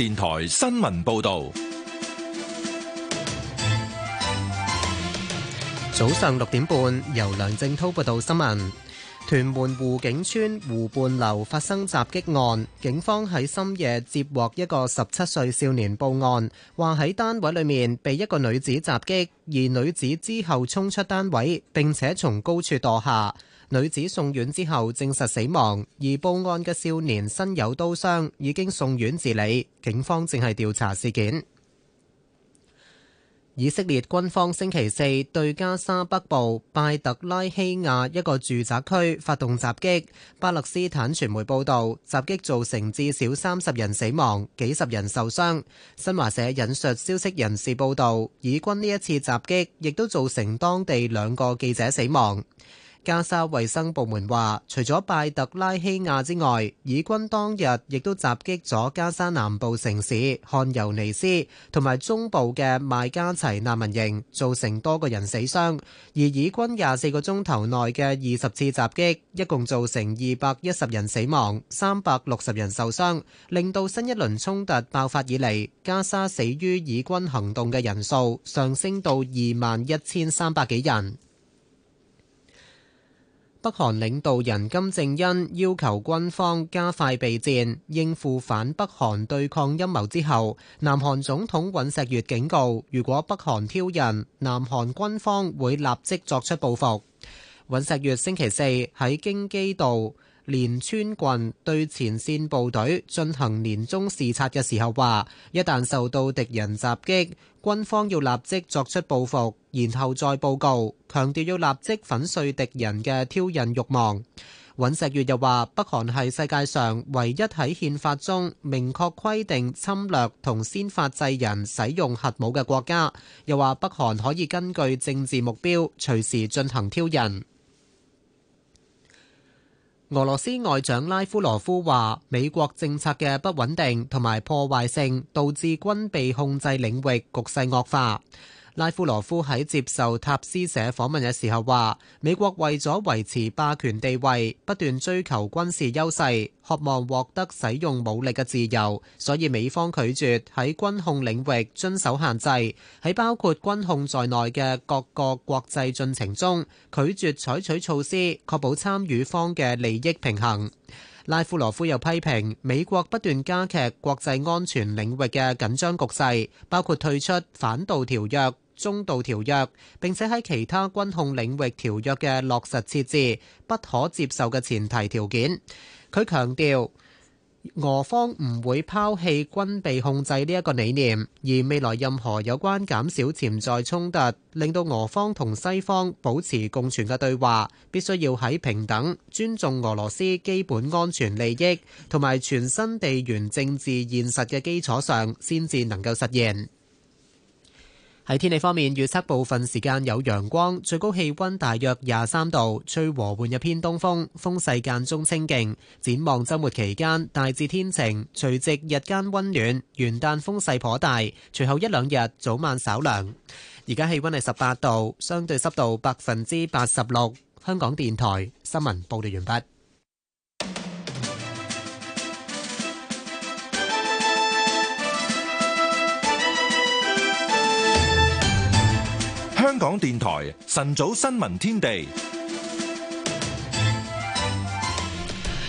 電台新聞報道，早上六點半，由梁正濤報道新聞。屯門湖景村湖畔樓發生襲擊案，警方喺深夜接獲一個十七歲少年報案，話喺單位裏面被一個女子襲擊，而女子之後衝出單位，並且從高處墮下。女子送院之後證實死亡，而報案嘅少年身有刀傷，已經送院治理。警方正係調查事件。以色列軍方星期四對加沙北部拜特拉希亞一個住宅區發動襲擊。巴勒斯坦傳媒報道，襲擊造成至少三十人死亡，幾十人受傷。新華社引述消息人士報道，以軍呢一次襲擊亦都造成當地兩個記者死亡。加沙衛生部門話，除咗拜特拉希亞之外，以軍當日亦都襲擊咗加沙南部城市漢尤尼斯同埋中部嘅麥加齊難民營，造成多個人死傷。而以軍廿四個鐘頭內嘅二十次襲擊，一共造成二百一十人死亡、三百六十人受傷，令到新一輪衝突爆發以嚟，加沙死於以軍行動嘅人數上升到二萬一千三百幾人。北韓領導人金正恩要求軍方加快備戰，應付反北韓對抗陰謀之後，南韓總統尹錫悅警告，如果北韓挑釁，南韓軍方會立即作出報復。尹錫悅星期四喺京畿道漣川郡對前線部隊進行年終視察嘅時候話，一旦受到敵人襲擊。軍方要立即作出報復，然後再報告。強調要立即粉碎敵人嘅挑釁欲望。尹錫悅又話：北韓係世界上唯一喺憲法中明確規定侵略同先發制人使用核武嘅國家。又話北韓可以根據政治目標隨時進行挑釁。俄羅斯外長拉夫羅夫話：美國政策嘅不穩定同埋破壞性，導致軍備控制領域局勢惡化。拉夫羅夫喺接受塔斯社訪問嘅時候話：美國為咗維持霸權地位，不斷追求軍事優勢，渴望獲得使用武力嘅自由，所以美方拒絕喺軍控領域遵守限制。喺包括軍控在內嘅各個國際進程中，拒絕採取措施，確保參與方嘅利益平衡。拉夫羅夫又批評美國不斷加劇國際安全領域嘅緊張局勢，包括退出反導條約、中導條約，並且喺其他軍控領域條約嘅落實設置不可接受嘅前提條件。佢強調俄方唔會拋棄軍備控制呢一個理念，而未來任何有關減少潛在衝突，令到俄方同西方保持共存嘅對話，必須要喺平等、尊重俄羅斯基本安全利益同埋全新地緣政治現實嘅基礎上，先至能夠實現。喺天氣方面，預測部分時間有陽光，最高氣温大約廿三度，吹和緩日偏東風，風勢間中清勁。展望周末期間大致天晴，除夕日間溫暖，元旦風勢頗大，隨後一兩日早晚稍涼。而家氣溫係十八度，相對濕度百分之八十六。香港電台新聞報道完畢。香港電台晨早新聞天地，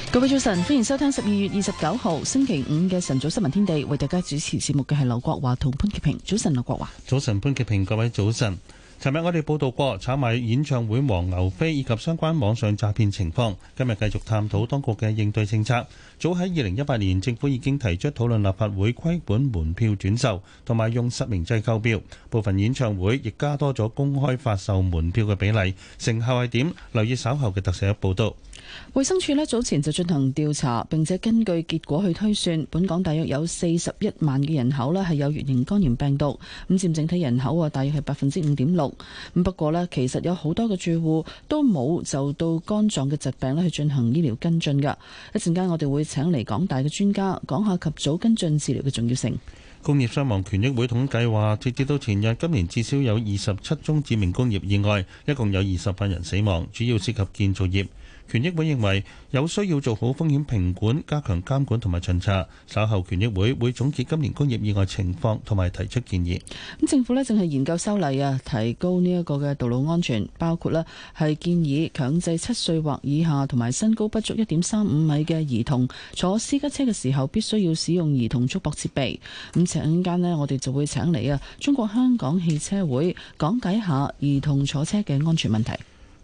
各位早晨，歡迎收聽十二月二十九號星期五嘅晨早新聞天地。為大家主持節目嘅係劉國華同潘潔平。早晨，劉國華。早晨，潘潔平。各位早晨。尋日我哋報道過炒賣演唱會黃牛飛以及相關網上詐騙情況，今日繼續探討當局嘅應對政策。早喺二零一八年，政府已經提出討論立法會規管門票轉售，同埋用實名制購票。部分演唱會亦加多咗公開發售門票嘅比例，成效係點？留意稍後嘅特寫報道。衛生署呢早前就進行調查，並且根據結果去推算，本港大約有四十一萬嘅人口呢係有乙型肝炎病毒咁，佔整體人口啊，大約係百分之五點六咁。不過呢，其實有好多嘅住戶都冇就到肝臟嘅疾病呢去進行醫療跟進㗎。一陣間我哋會請嚟港大嘅專家講下及早跟進治療嘅重要性。工業傷亡權益會統計話，截至到前日，今年至少有二十七宗致命工業意外，一共有二十八人死亡，主要涉及建造業。權益會認為有需要做好風險評管、加強監管同埋巡查，稍後權益會會總結今年工業意外情況同埋提出建議。咁政府呢正係研究修例啊，提高呢一個嘅道路安全，包括呢係建議強制七歲或以下同埋身高不足一點三五米嘅兒童坐私家車嘅時候必須要使用兒童束縛設備。咁陣間呢，我哋就會請嚟啊，中國香港汽車會講解下兒童坐車嘅安全問題。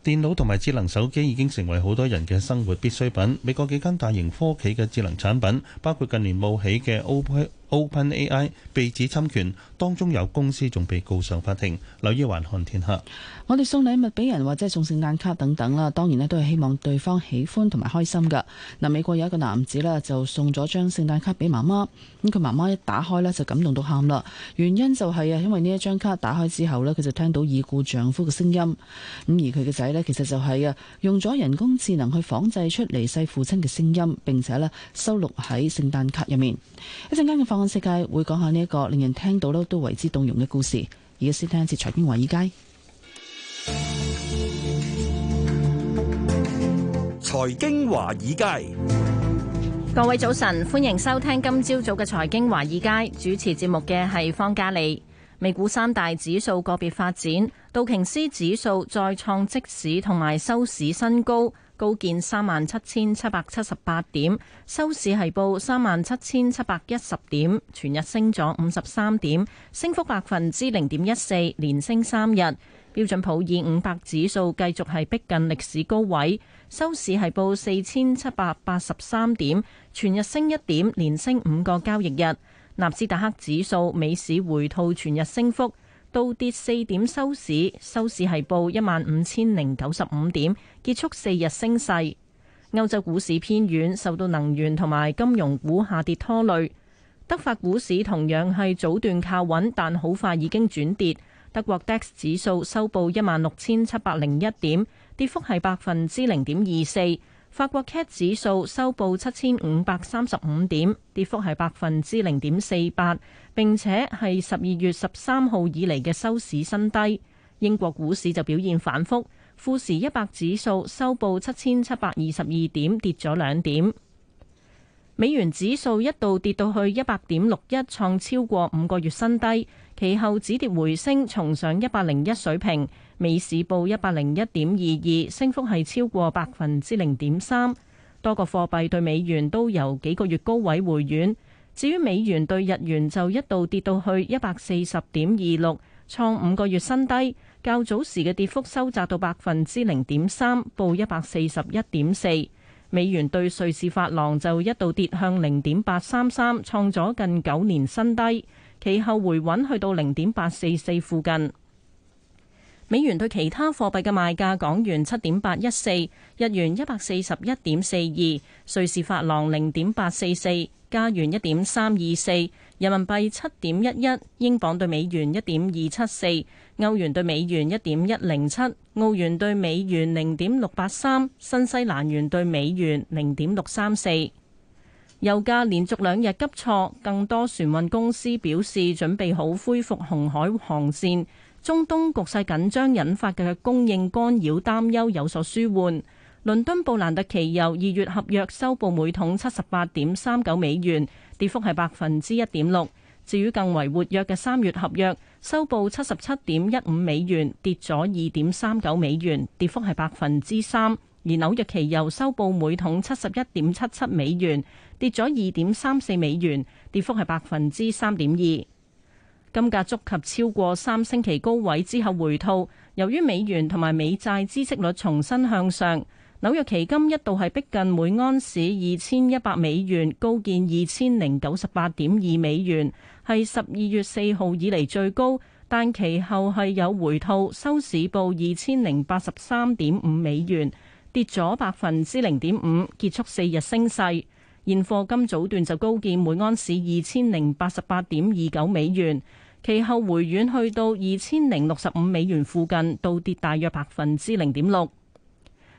電腦同埋智能手機已經成為好多人嘅生活必需品。美國幾間大型科企嘅智能產品，包括近年冒起嘅 Open。Open AI 被指侵權，當中有公司仲被告上法庭。留意環看天下，我哋送禮物俾人或者係送聖誕卡等等啦，當然咧都係希望對方喜歡同埋開心噶。嗱，美國有一個男子啦，就送咗張聖誕卡俾媽媽，咁佢媽媽一打開咧就感動到喊啦。原因就係啊，因為呢一張卡打開之後咧，佢就聽到已故丈夫嘅聲音。咁而佢嘅仔咧，其實就係啊，用咗人工智能去仿製出離世父親嘅聲音，並且咧收錄喺聖誕卡入面。一陣間嘅。方色界會講下呢一個令人聽到咧都為之動容嘅故事。而家先聽一次財經華爾街。財經華爾街，各位早晨，歡迎收聽今朝早嘅財經華爾街。主持節目嘅係方嘉利，美股三大指數個別發展，道瓊斯指數再創即市同埋收市新高。高見三萬七千七百七十八點，收市係報三萬七千七百一十點，全日升咗五十三點，升幅百分之零點一四，連升三日。標準普爾五百指數繼續係逼近歷史高位，收市係報四千七百八十三點，全日升一點，連升五個交易日。納斯達克指數美市回吐，全日升幅。倒跌四點收市，收市係報一萬五千零九十五點，結束四日升勢。歐洲股市偏軟，受到能源同埋金融股下跌拖累。德法股市同樣係早段靠穩，但好快已經轉跌。德國 DAX 指數收報一萬六千七百零一點，跌幅係百分之零點二四。法國 CAC 指數收報七千五百三十五點，跌幅係百分之零點四八。並且係十二月十三號以嚟嘅收市新低。英國股市就表現反覆，富時一百指數收報七千七百二十二點，跌咗兩點。美元指數一度跌到去一百點六一，創超過五個月新低，其後止跌回升，重上一百零一水平。美市報一百零一點二二，升幅係超過百分之零點三。多個貨幣對美元都由幾個月高位回軟。至於美元兌日元就一度跌到去一百四十點二六，創五個月新低。較早時嘅跌幅收窄到百分之零點三，報一百四十一點四。美元對瑞士法郎就一度跌向零點八三三，創咗近九年新低。其後回穩去到零點八四四附近。美元對其他貨幣嘅賣價：港元七點八一四，日元一百四十一點四二，瑞士法郎零點八四四，加元一點三二四，人民幣七點一一，英鎊對美元一點二七四，歐元對美元一點一零七，澳元對美元零點六八三，新西蘭元對美元零點六三四。油價連續兩日急挫，更多船運公司表示準備好恢復紅海航線。中東局勢緊張引發嘅供應干擾擔憂有所舒緩。倫敦布蘭特期油二月合約收報每桶七十八點三九美元，跌幅係百分之一點六。至於更為活躍嘅三月合約，收報七十七點一五美元，跌咗二點三九美元，跌幅係百分之三。而紐約期油收報每桶七十一點七七美元，跌咗二點三四美元，跌幅係百分之三點二。金價觸及超過三星期高位之後回吐，由於美元同埋美債孳息率重新向上，紐約期金一度係逼近每安士二千一百美元高見二千零九十八點二美元，係十二月四號以嚟最高，但其後係有回吐，收市報二千零八十三點五美元，跌咗百分之零點五，結束四日升勢。現貨金早段就高見每安士二千零八十八點二九美元。其後回軟去到二千零六十五美元附近，倒跌大約百分之零點六。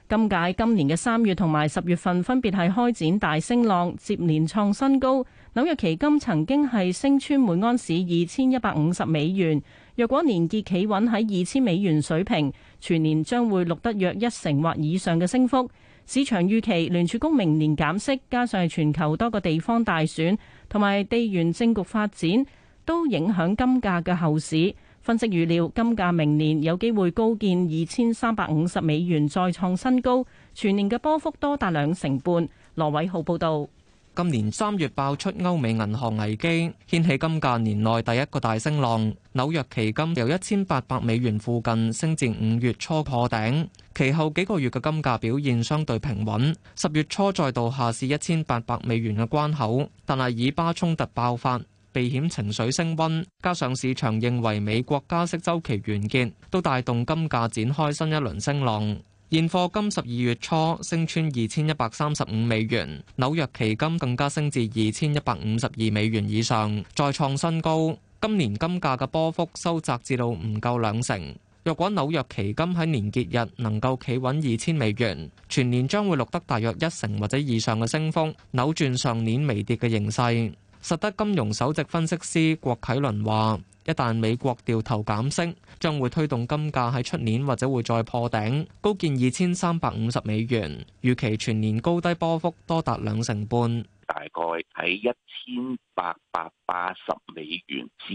金價今年嘅三月同埋十月份分別係開展大升浪，接連創新高。紐約期金曾經係升穿每安士二千一百五十美元。若果年結企穩喺二千美元水平，全年將會錄得約一成或以上嘅升幅。市場預期聯儲局明年減息，加上係全球多個地方大選同埋地緣政局發展。都影響金價嘅後市。分析預料金價明年有機會高見二千三百五十美元，再創新高。全年嘅波幅多達兩成半。羅偉浩報導。今年三月爆出歐美銀行危機，掀起金價年內第一個大升浪。紐約期金由一千八百美元附近升至五月初破頂。其後幾個月嘅金價表現相對平穩。十月初再度下試一千八百美元嘅關口，但係以巴衝突爆發。避險情緒升溫，加上市場認為美國加息周期完結，都帶動金價展開新一輪升浪。現貨金十二月初升穿二千一百三十五美元，紐約期金更加升至二千一百五十二美元以上，再創新高。今年金價嘅波幅收窄至到唔夠兩成。若果紐約期金喺年結日能夠企穩二千美元，全年將會錄得大約一成或者以上嘅升幅，扭轉上年微跌嘅形勢。實德金融首席分析師郭啟倫話，一旦美國掉頭減息，將會推動金價喺出年或者會再破頂，高見二千三百五十美元，預期全年高低波幅多達兩成半，大概喺一千，八百八十美元至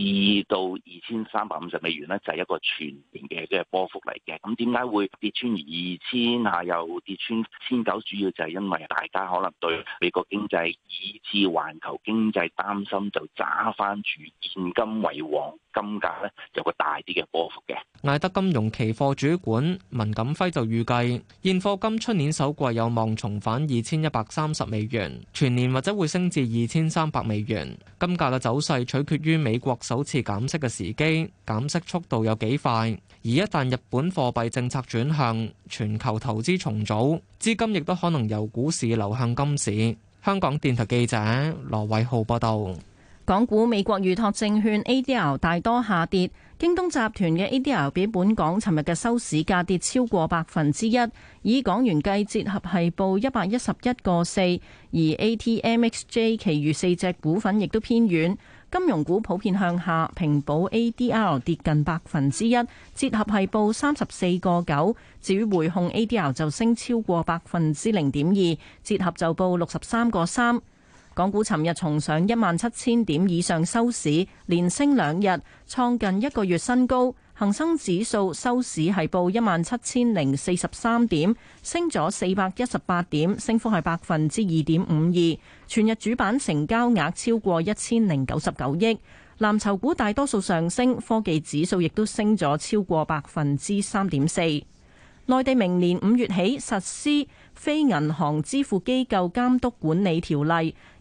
到二千三百五十美元呢，就係一個全年嘅，即係波幅嚟嘅。咁點解會跌穿二千啊？又跌穿千九，主要就係因為大家可能對美國經濟以至環球經濟擔心，就揸翻住現金為王，金價呢，有個大啲嘅波幅嘅。艾德金融期貨主管文錦輝就預計，現貨金出年首季有望重返二千一百三十美元，全年或者會升至二千三百美元。金價嘅走勢取決於美國首次減息嘅時機，減息速度有幾快。而一旦日本貨幣政策轉向，全球投資重組，資金亦都可能由股市流向金市。香港電台記者羅偉浩報道。港股美國預託證券 ADR 大多下跌，京東集團嘅 ADR 比本港尋日嘅收市價跌超過百分之一，以港元計，折合係報一百一十一個四。而 ATMXJ 其餘四隻股份亦都偏軟，金融股普遍向下，平保 ADR 跌近百分之一，折合係報三十四個九。至於匯控 ADR 就升超過百分之零點二，折合就報六十三個三。港股尋日重上一萬七千點以上收市，連升兩日，創近一個月新高。恒生指數收市係報一萬七千零四十三點，升咗四百一十八點，升幅係百分之二點五二。全日主板成交額超過一千零九十九億。藍籌股大多數上升，科技指數亦都升咗超過百分之三點四。內地明年五月起實施《非銀行支付機構監督管理條例》。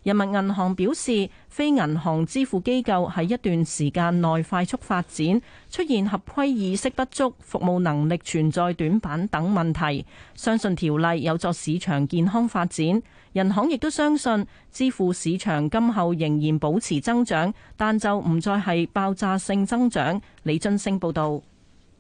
人民銀行表示，非銀行支付機構喺一段時間內快速發展，出現合規意識不足、服務能力存在短板等問題。相信條例有助市場健康發展。銀行亦都相信，支付市場今後仍然保持增長，但就唔再係爆炸性增長。李津升報導。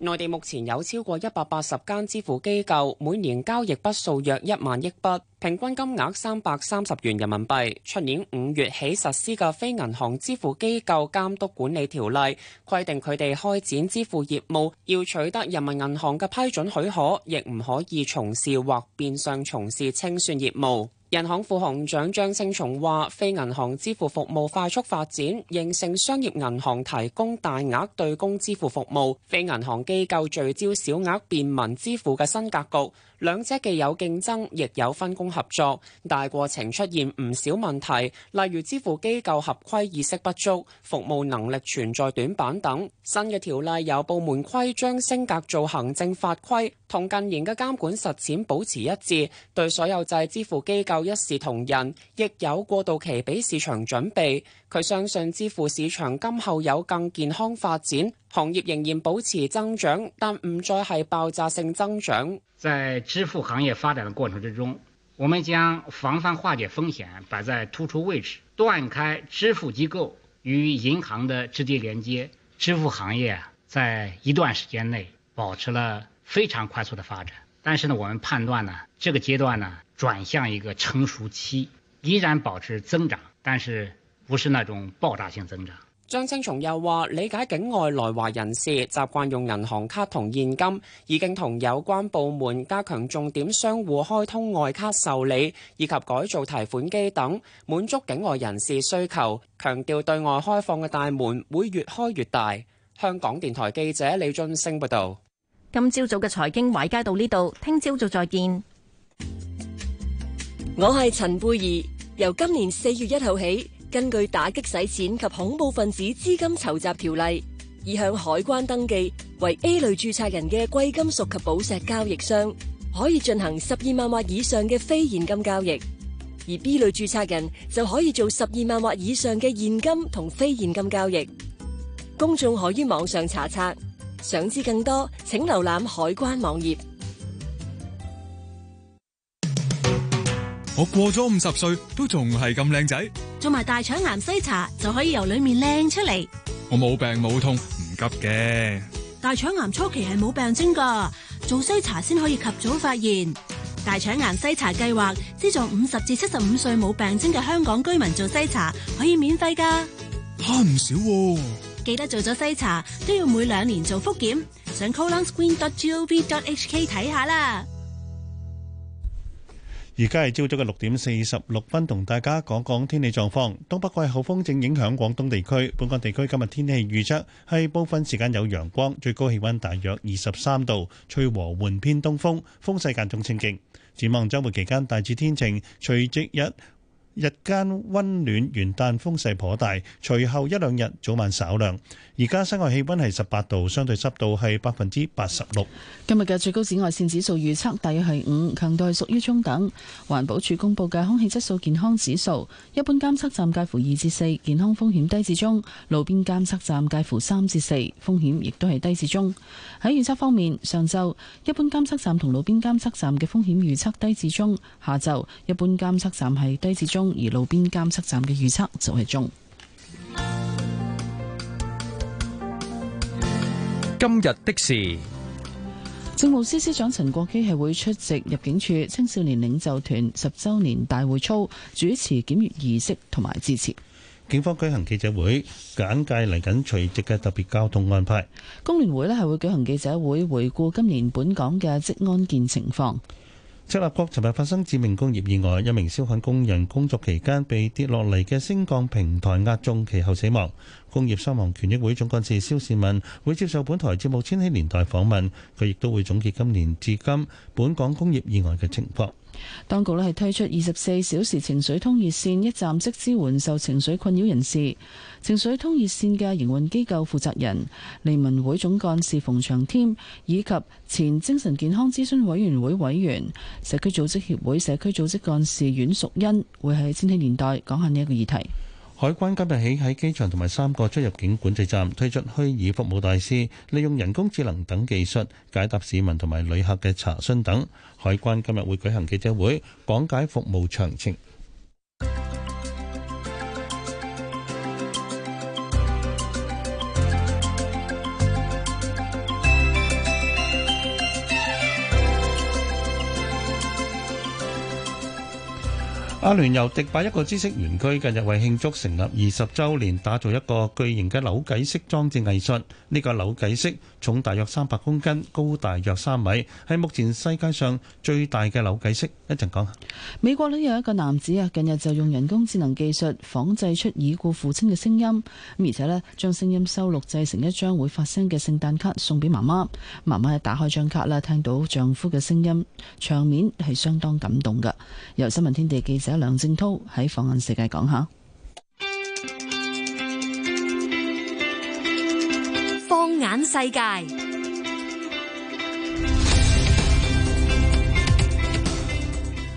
內地目前有超過一百八十間支付機構，每年交易筆數約一萬億筆，平均金額三百三十元人民幣。出年五月起實施嘅《非銀行支付機構監督管理條例》規定，佢哋開展支付業務要取得人民銀行嘅批准許可，亦唔可以從事或變相從事清算業務。人行副行長張青松話，非銀行支付服務快速發展，形成商業銀行提供大額對公支付服務、非銀行機構聚焦小額便民支付嘅新格局。兩者既有競爭，亦有分工合作。大過程出現唔少問題，例如支付機構合規意識不足、服務能力存在短板等。新嘅條例由部門規章升格做行政法規。同近年嘅監管實踐保持一致，對所有制支付機構一視同仁，亦有過渡期俾市場準備。佢相信支付市場今後有更健康發展，行業仍然保持增長，但唔再係爆炸性增長。在支付行業發展嘅過程之中，我們將防範化解風險擺在突出位置，斷開支付機構與銀行的直接連接。支付行業在一段時間內保持了。非常快速的發展，但是呢，我們判斷呢，這個階段呢轉向一個成熟期，依然保持增長，但是不是那種爆炸性增長。張青松又話，理解境外來華人士習慣用銀行卡同現金，已經同有關部門加強重點商戶開通外卡受理以及改造提款機等，滿足境外人士需求。強調對外開放嘅大門會越開越大。香港電台記者李俊升報道。今朝早嘅財經，維街到呢度，聽朝早再見。我係陳貝兒。由今年四月一號起，根據打擊洗錢及恐怖分子資金籌集條例，已向海關登記為 A 類註冊人嘅貴金屬及寶石交易商，可以進行十二萬或以上嘅非現金交易；而 B 類註冊人就可以做十二萬或以上嘅現金同非現金交易。公眾可於網上查冊。想知更多，請瀏覽海關網頁。我過咗五十歲都仲係咁靚仔。做埋大腸癌篩查就可以由裏面靚出嚟。我冇病冇痛，唔急嘅。大腸癌初期係冇病徵㗎，做篩查先可以及早發現。大腸癌篩查計劃資助五十至七十五歲冇病徵嘅香港居民做篩查，可以免費㗎。慳唔少喎，啊。記得做咗篩查，都要每兩年做復檢。上 colonscreen.gov.hk 睇下啦。而家係朝早嘅六點四十六分，同大家講講天氣狀況。東北季候風正影響廣東地區，本港地區今日天氣預測係部分時間有陽光，最高氣溫大約二十三度，吹和緩偏東風，風勢間中清勁。展望周末期間大致天晴，除夕日。日間溫暖，元旦風勢頗大，隨後一兩日早晚稍涼。而家室外氣溫係十八度，相對濕度係百分之八十六。今日嘅最高紫外綫指數預測大約係五，強度係屬於中等。環保署公布嘅空氣質素健康指數，一般監測站介乎二至四，健康風險低至中；路邊監測站介乎三至四，風險亦都係低至中。喺預測方面，上晝一般監測站同路邊監測站嘅風險預測低至中，下晝一般監測站係低至中。而路邊監測站嘅預測就係中。今日的事，政務司司長陳國基係會出席入境處青少年領袖團十週年大會操，主持檢閱儀式同埋支持。警方舉行記者會，簡介嚟緊隨即嘅特別交通安排。工聯會咧係會舉行記者會，回顧今年本港嘅職安健情況。赤鱲角尋日發生致命工業意外，一名消防工人工作期間被跌落嚟嘅升降平台壓中，其後死亡。工業傷亡權益會總幹事蕭士文會接受本台節目《千禧年代》訪問，佢亦都會總結今年至今本港工業意外嘅情況。當局咧係推出二十四小時情緒通熱線，一站式支援受情緒困擾人士。情緒通熱線嘅營運機構負責人、利民會總幹事馮長添，以及前精神健康諮詢委員會委員、社區組織協會社區組織幹事阮淑欣，會喺《千禧年代》講下呢一個議題。海關今日起喺機場同埋三個出入境管制站推出虛擬服務大使，利用人工智能等技術解答市民同埋旅客嘅查詢等。海關今日會舉行記者會，講解服務詳情。阿聯酋迪拜一個知識園區近日為慶祝成立二十週年，打造一個巨型嘅扭計式裝置藝術。呢、這個扭計式。重大約三百公斤，高大約三米，係目前世界上最大嘅扭計骰。一陣講下。美國咧有一個男子啊，近日就用人工智能技術仿製出已故父親嘅聲音，而且咧將聲音收錄製成一張會發聲嘅聖誕卡送俾媽媽。媽媽一打開張卡咧，聽到丈夫嘅聲音，場面係相當感動嘅。由新聞天地記者梁正濤喺放眼世界講下。眼世界。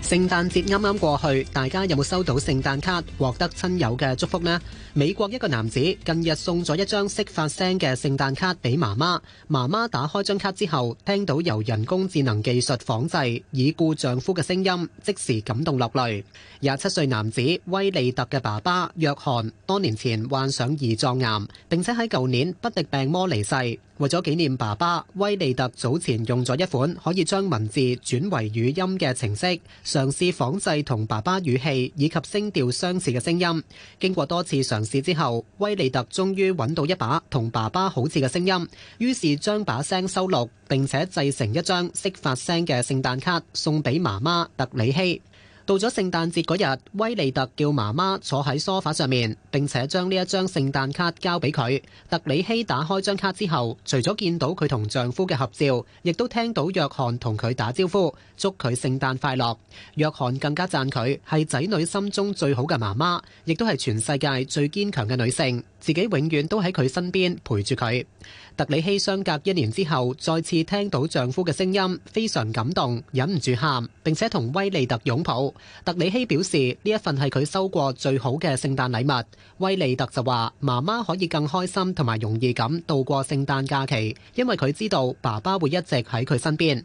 聖誕節啱啱過去，大家有冇收到聖誕卡，獲得親友嘅祝福呢？美國一個男子近日送咗一張識發聲嘅聖誕卡俾媽媽，媽媽打開張卡之後，聽到由人工智能技術仿製已故丈夫嘅聲音，即時感動落淚。廿七歲男子威利特嘅爸爸約翰多年前患上胰臟癌，並且喺舊年不敵病魔離世。為咗紀念爸爸，威利特早前用咗一款可以將文字轉為語音嘅程式。嘗試仿製同爸爸語氣以及聲調相似嘅聲音，經過多次嘗試之後，威利特終於搵到一把同爸爸好似嘅聲音，於是將把聲收錄，並且製成一張識發聲嘅聖誕卡送俾媽媽特里希。到咗聖誕節嗰日，威利特叫媽媽坐喺梳化上面，並且將呢一張聖誕卡交俾佢。特里希打開張卡之後，除咗見到佢同丈夫嘅合照，亦都聽到約翰同佢打招呼，祝佢聖誕快樂。約翰更加讚佢係仔女心中最好嘅媽媽，亦都係全世界最堅強嘅女性，自己永遠都喺佢身邊陪住佢。特里希相隔一年之後，再次聽到丈夫嘅聲音，非常感動，忍唔住喊，並且同威利特擁抱。特里希表示呢一份係佢收過最好嘅聖誕禮物。威利特就話：媽媽可以更開心同埋容易咁度過聖誕假期，因為佢知道爸爸會一直喺佢身邊。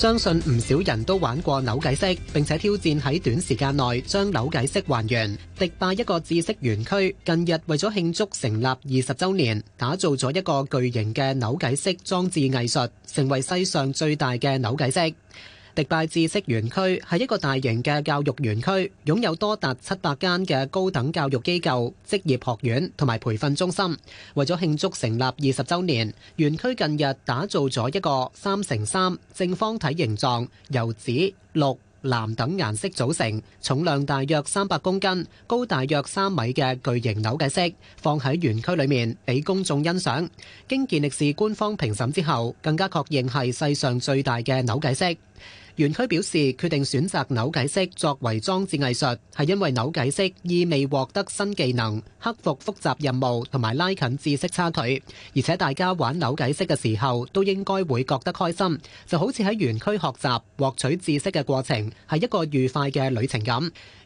相信唔少人都玩過扭計式，並且挑戰喺短時間內將扭計式還原。迪拜一個知識園區，近日為咗慶祝成立二十周年，打造咗一個巨型嘅扭計式裝置藝術，成為世上最大嘅扭計式。迪拜知識園區係一個大型嘅教育園區，擁有多達七百間嘅高等教育機構、職業學院同埋培訓中心。為咗慶祝成立二十周年，園區近日打造咗一個三乘三正方體形狀，由紫、綠、藍等顏色組成，重量大約三百公斤、高大約三米嘅巨型扭計骰，放喺園區裏面俾公眾欣賞。經健力士官方評審之後，更加確認係世上最大嘅扭計骰。園區表示，決定選擇扭計骰作為裝置藝術，係因為扭計骰意味獲得新技能、克服複雜任務同埋拉近知識差距，而且大家玩扭計骰嘅時候都應該會覺得開心，就好似喺園區學習獲取知識嘅過程係一個愉快嘅旅程咁。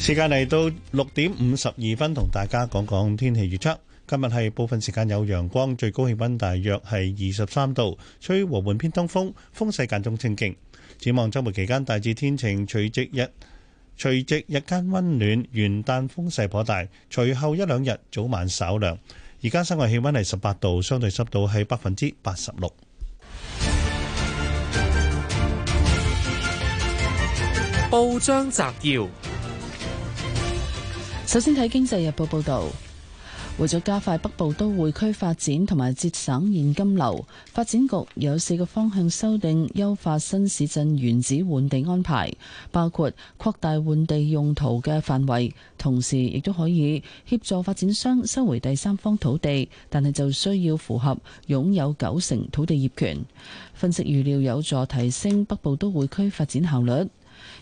時間嚟到六點五十二分，同大家講講天氣預測。今日係部分時間有陽光，最高氣溫大約係二十三度，吹和緩偏東風，風勢間中清勁。展望周末期間大致天晴，隨即日隨即日間溫暖，元旦風勢頗大，隨後一兩日早晚稍涼。而家室外氣溫係十八度，相對濕度係百分之八十六。報章摘要。首先睇《經濟日報》報道，為咗加快北部都會區發展同埋節省現金流，發展局有四個方向修訂優化新市鎮原址換地安排，包括擴大換地用途嘅範圍，同時亦都可以協助發展商收回第三方土地，但係就需要符合擁有九成土地業權。分析預料有助提升北部都會區發展效率。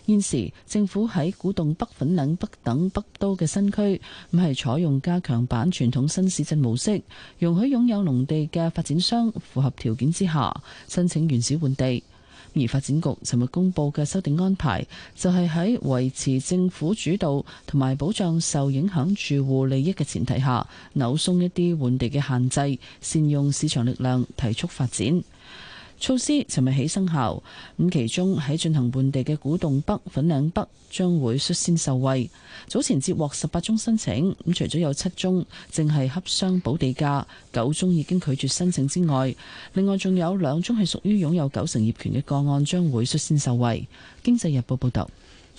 現時政府喺古洞北、粉嶺北等北都嘅新區，係採用加強版傳統新市鎮模式，容許擁有農地嘅發展商符合條件之下申請原始換地。而發展局尋日公布嘅修訂安排，就係喺維持政府主導同埋保障受影響住戶利益嘅前提下，扭鬆一啲換地嘅限制，善用市場力量提速發展。措施尋日起生效，咁其中喺進行換地嘅古洞北、粉嶺北將會率先受惠。早前接獲十八宗申請，咁除咗有七宗淨係洽商補地價，九宗已經拒絕申請之外，另外仲有兩宗係屬於擁有九成業權嘅個案，將會率先受惠。經濟日報報道。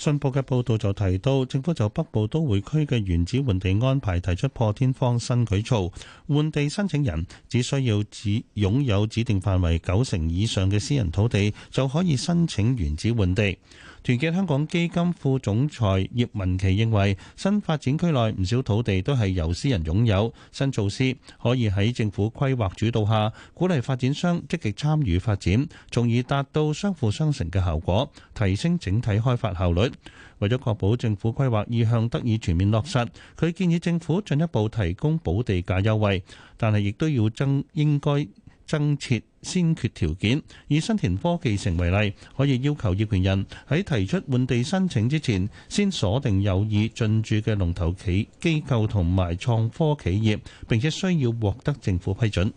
信報嘅報道就提到，政府就北部都會區嘅原址換地安排提出破天荒新舉措，換地申請人只需要指擁有指定範圍九成以上嘅私人土地，就可以申請原址換地。團結香港基金副總裁葉文琪認為，新發展區內唔少土地都係由私人擁有新。新措施可以喺政府規劃主導下，鼓勵發展商積極參與發展，從而達到相輔相成嘅效果，提升整體開發效率。為咗確保政府規劃意向得以全面落實，佢建議政府進一步提供補地價優惠，但係亦都要增應該。增設先決條件，以新田科技城為例，可以要求業權人喺提出換地申請之前，先鎖定有意進駐嘅龍頭企機構同埋創科企業，並且需要獲得政府批准。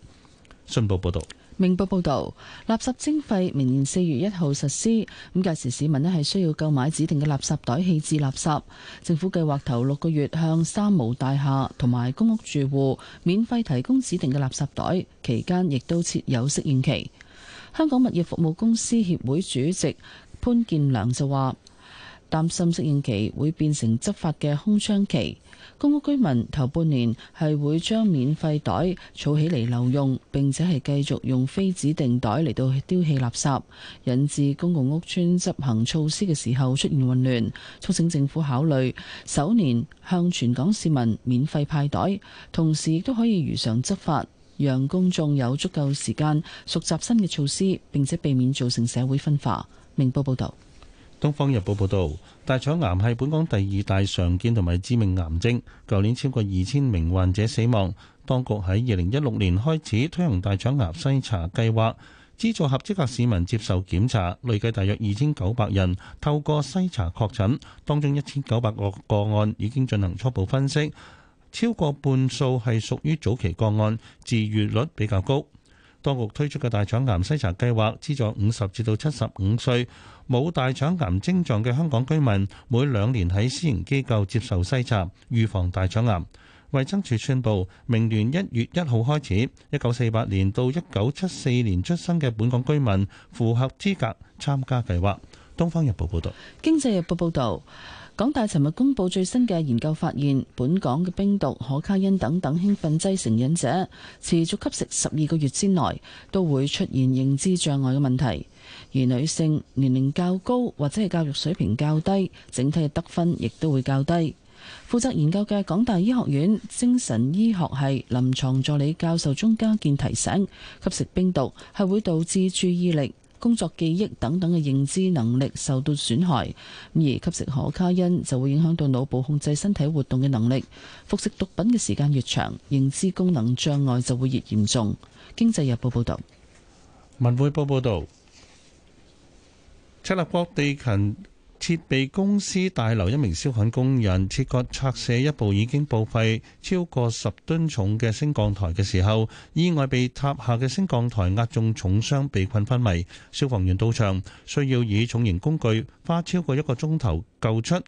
信報報導。明報報道，垃圾徵費明年四月一號實施，咁屆時市民咧係需要購買指定嘅垃圾袋棄置垃圾。政府計劃頭六個月向三無大廈同埋公屋住戶免費提供指定嘅垃圾袋，期間亦都設有適應期。香港物業服務公司協會主席潘建良就話。擔心適應期會變成執法嘅空窗期，公屋居民頭半年係會將免費袋儲起嚟留用，並且係繼續用非指定袋嚟到丟棄垃圾，引致公共屋邨執行措施嘅時候出現混亂。促請政府考慮首年向全港市民免費派袋，同時亦都可以如常執法，讓公眾有足夠時間熟習新嘅措施，並且避免造成社會分化。明報報道。《東方日報》報導，大腸癌係本港第二大常見同埋致命癌症，舊年超過二千名患者死亡。當局喺二零一六年開始推行大腸癌篩查計劃，資助合資格市民接受檢查，累計大約二千九百人透過篩查確診，當中一千九百個個案已經進行初步分析，超過半數係屬於早期個案，治愈率比較高。當局推出嘅大腸癌篩查計劃，資助五十至到七十五歲。冇大腸癌症狀嘅香港居民，每兩年喺私營機構接受篩查，預防大腸癌。衞生署宣佈，明年一月一號開始，一九四八年到一九七四年出生嘅本港居民符合資格參加計劃。《東方日報》報道，《經濟日報》報道，港大尋日公佈最新嘅研究發現，本港嘅冰毒、可卡因等等興奮劑成癮者，持續吸食十二個月之內，都會出現認知障礙嘅問題。而女性年齡較高或者係教育水平較低，整體嘅得分亦都會較低。負責研究嘅港大醫學院精神醫學系臨床助理教授鍾嘉健，提醒，吸食冰毒係會導致注意力、工作記憶等等嘅認知能力受到損害。而吸食可卡因就會影響到腦部控制身體活動嘅能力。服食毒品嘅時間越長，認知功能障礙就會越嚴重。經濟日報報道，文匯報報道。赤鱲角地勤設備公司大樓一名消防工人切割拆卸一部已經報廢、超過十噸重嘅升降台嘅時候，意外被塌下嘅升降台壓中，重傷被困昏迷。消防員到場，需要以重型工具花超過一個鐘頭救出。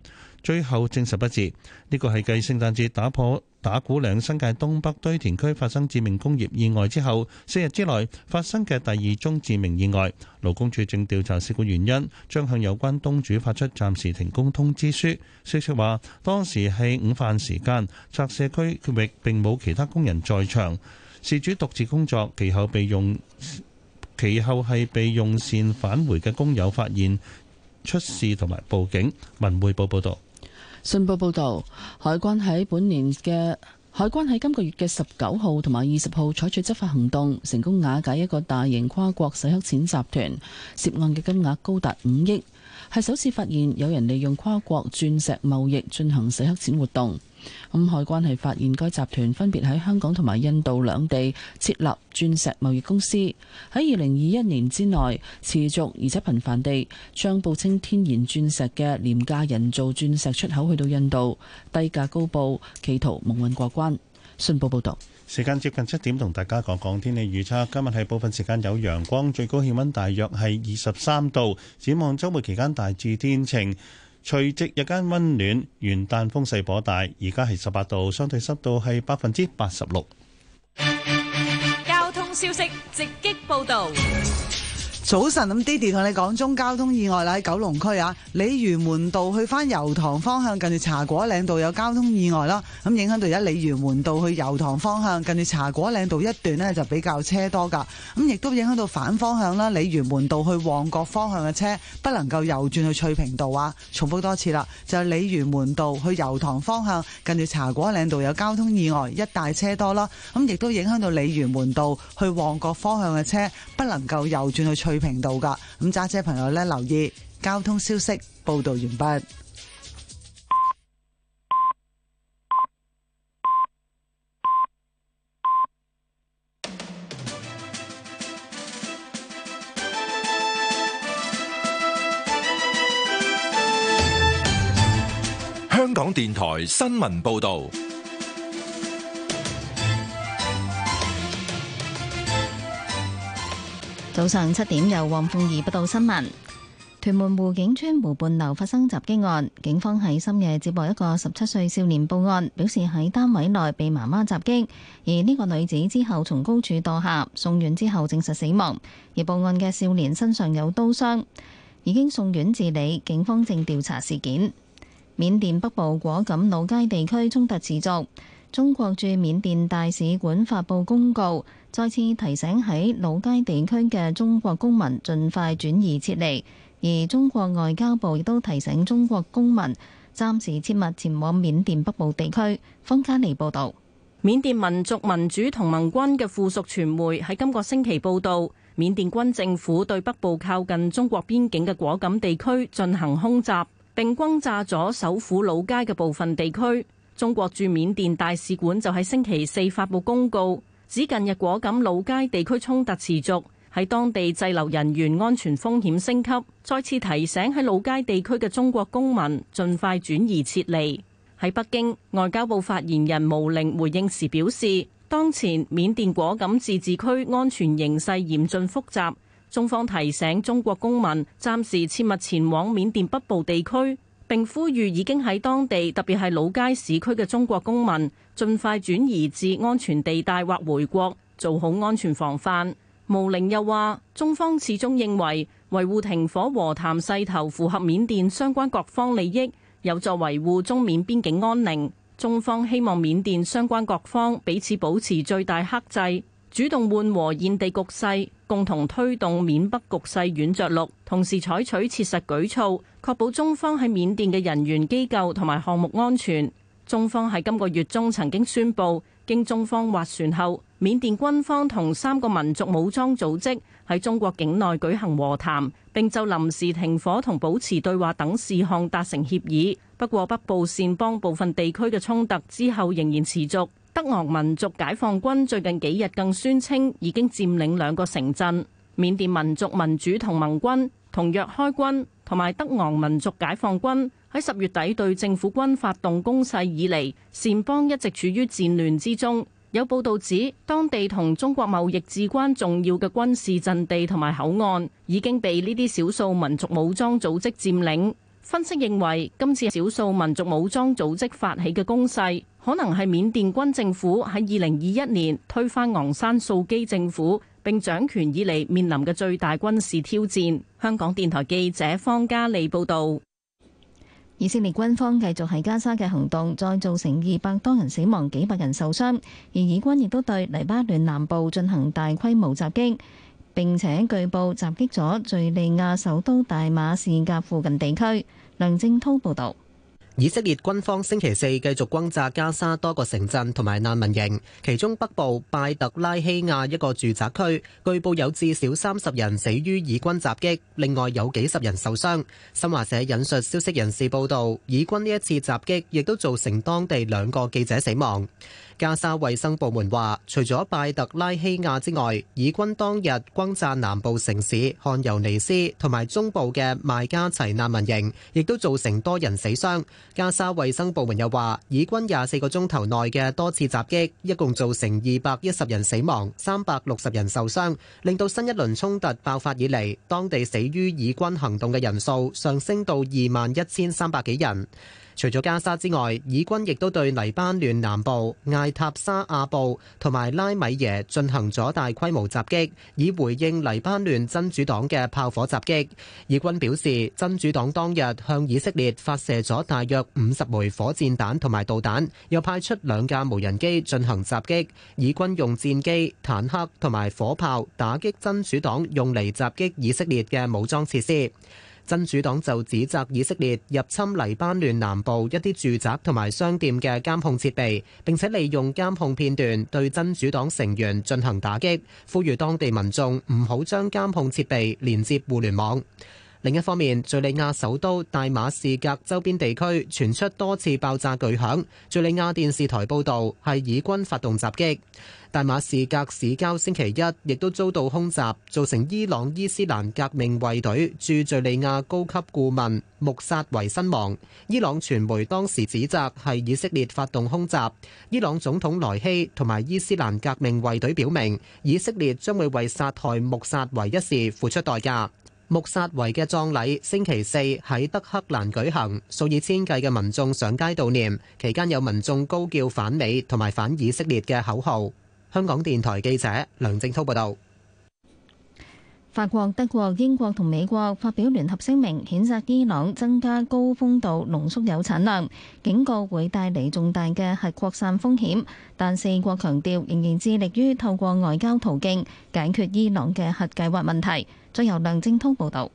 最後證實不治。呢個係繼聖誕節打破打鼓嶺新界東北堆填區發生致命工業意外之後，四日之內發生嘅第二宗致命意外。勞工處正調查事故原因，將向有關東主發出暫時停工通知書。消息話，當時係午飯時間，拆卸區區域並冇其他工人在場，事主獨自工作，其後被用其後係被用膳返回嘅工友發現出事同埋報警。文匯報報導。信報報導，海關喺本年嘅海關喺今個月嘅十九號同埋二十號採取執法行動，成功瓦解一個大型跨國洗黑錢集團，涉案嘅金額高達五億，係首次發現有人利用跨國鑽石貿易進行洗黑錢活動。咁海關係發現該集團分別喺香港同埋印度兩地設立鑽石貿易公司，喺二零二一年之內持續而且頻繁地將報稱天然鑽石嘅廉價人造鑽石出口去到印度，低價高報，企圖矇混過關。信報報道，時間接近七點，同大家講講天氣預測。今日係部分時間有陽光，最高氣溫大約係二十三度，展望週末期間大致天晴。除夕日間溫暖，元旦風勢頗大，而家係十八度，相對濕度係百分之八十六。交通消息直擊報道。早晨咁爹哋同你講中交通意外啦，喺九龍區啊，鯉魚門道去翻油塘方向，近住茶果嶺道有交通意外啦。咁影響到而家鯉魚門道去油塘方向，近住茶果嶺道一段呢，就比較車多噶。咁亦都影響到反方向啦，鯉魚門道去旺角方向嘅車不能夠右轉去翠屏道啊。重複多次啦，就係、是、鯉魚門道去油塘方向，近住茶、就是、茶果嶺道有交通意外，一大車多啦。咁亦都影響到鯉魚門道去旺角方向嘅車不能夠右轉去翠。水平道噶，咁揸車朋友咧，留意交通消息報道。完畢。香港電台新聞報道。早上七點，由汪鳳儀報道新聞。屯門湖景村湖畔樓發生襲擊案，警方喺深夜接獲一個十七歲少年報案，表示喺單位內被媽媽襲擊，而呢個女子之後從高處墮下，送院之後證實死亡，而報案嘅少年身上有刀傷，已經送院治理，警方正調查事件。緬甸北部果敢老街地區衝突持續。中國駐緬甸大使館發布公告，再次提醒喺老街地區嘅中國公民盡快轉移撤離。而中國外交部亦都提醒中國公民暫時切勿前往緬甸北部地區。方家妮報道。緬甸民族民主同盟軍嘅附屬傳媒喺今個星期報道，緬甸軍政府對北部靠近中國邊境嘅果敢地區進行空襲，並轟炸咗首府老街嘅部分地區。中國駐緬甸大使館就喺星期四發佈公告，指近日果敢老街地區衝突持續，喺當地滯留人員安全風險升級，再次提醒喺老街地區嘅中國公民盡快轉移撤離。喺北京，外交部發言人毛寧回應時表示，當前緬甸果敢自治區安全形勢嚴峻複雜，中方提醒中國公民暫時切勿前往緬甸北部地區。並呼籲已經喺當地，特別係老街市區嘅中國公民，盡快轉移至安全地帶或回國，做好安全防範。毛寧又話，中方始終認為維護停火和談勢頭符合緬甸相關各方利益，有助維護中緬邊境安寧。中方希望緬甸相關各方彼此保持最大克制。主動緩和現地局勢，共同推動緬北局勢軟着陸，同時採取切實舉措，確保中方喺緬甸嘅人員、機構同埋項目安全。中方喺今個月中曾經宣布，經中方斡旋後，緬甸軍方同三個民族武裝組織喺中國境內舉行和談，並就臨時停火同保持對話等事項達成協議。不過，北部撣邦部分地區嘅衝突之後仍然持續。德昂民族解放軍最近幾日更宣稱已經佔領兩個城鎮。緬甸民族民主同盟軍、同若開軍同埋德昂民族解放軍喺十月底對政府軍發動攻勢以嚟，善邦一直處於戰亂之中。有報道指，當地同中國貿易至關重要嘅軍事陣地同埋口岸已經被呢啲少數民族武裝組織佔領。分析認為，今次少數民族武裝組織發起嘅攻勢可能係緬甸軍政府喺二零二一年推翻昂山素基政府並掌權以嚟面臨嘅最大軍事挑戰。香港電台記者方嘉利報導。以色列軍方繼續喺加沙嘅行動，再造成二百多人死亡、幾百人受傷，而以軍亦都對黎巴嫩南部進行大規模襲擊。並且據報襲擊咗敍利亞首都大馬士革附近地區。梁正滔報導。以色列軍方星期四繼續轟炸加沙多個城鎮同埋難民營，其中北部拜特拉希亞一個住宅區，據報有至少三十人死於以軍襲擊，另外有幾十人受傷。新華社引述消息人士報道，以軍呢一次襲擊亦都造成當地兩個記者死亡。加沙衛生部門話，除咗拜特拉希亞之外，以軍當日轟炸南部城市漢尤尼斯同埋中部嘅麥加齊難民營，亦都造成多人死傷。加沙衛生部門又話，以軍廿四個鐘頭內嘅多次襲擊，一共造成二百一十人死亡，三百六十人受傷，令到新一輪衝突爆發以嚟，當地死於以軍行動嘅人數上升到二萬一千三百幾人。除咗加沙之外，以軍亦都對黎巴嫩南部艾塔沙亞部同埋拉米耶進行咗大規模襲擊，以回應黎巴嫩真主黨嘅炮火襲擊。以軍表示，真主黨當日向以色列發射咗大約五十枚火箭彈同埋導彈，又派出兩架無人機進行襲擊。以軍用戰機、坦克同埋火炮打擊真主黨用嚟襲擊以色列嘅武裝設施。真主黨就指責以色列入侵黎巴嫩南部一啲住宅同埋商店嘅監控設備，並且利用監控片段對真主黨成員進行打擊，呼籲當地民眾唔好將監控設備連接互聯網。另一方面，敘利亞首都大馬士革周邊地區傳出多次爆炸巨響，敘利亞電視台報導係以軍發動襲擊。大馬士革市郊星期一亦都遭到空襲，造成伊朗伊斯蘭革命衛隊駐敍利亞高級顧問穆薩維身亡。伊朗傳媒當時指責係以色列發動空襲。伊朗總統萊希同埋伊斯蘭革命衛隊表明，以色列將會為殺台穆薩維一事付出代價。穆薩維嘅葬禮星期四喺德黑蘭舉行，數以千計嘅民眾上街悼念，期間有民眾高叫反美同埋反以色列嘅口號。香港電台記者梁正濤報道：法國、德國、英國同美國發表聯合聲明，譴責伊朗增加高豐度濃縮鈾產量，警告會帶嚟重大嘅核擴散風險。但四國強調，仍然致力於透過外交途徑解決伊朗嘅核計劃問題。再由梁正濤報道。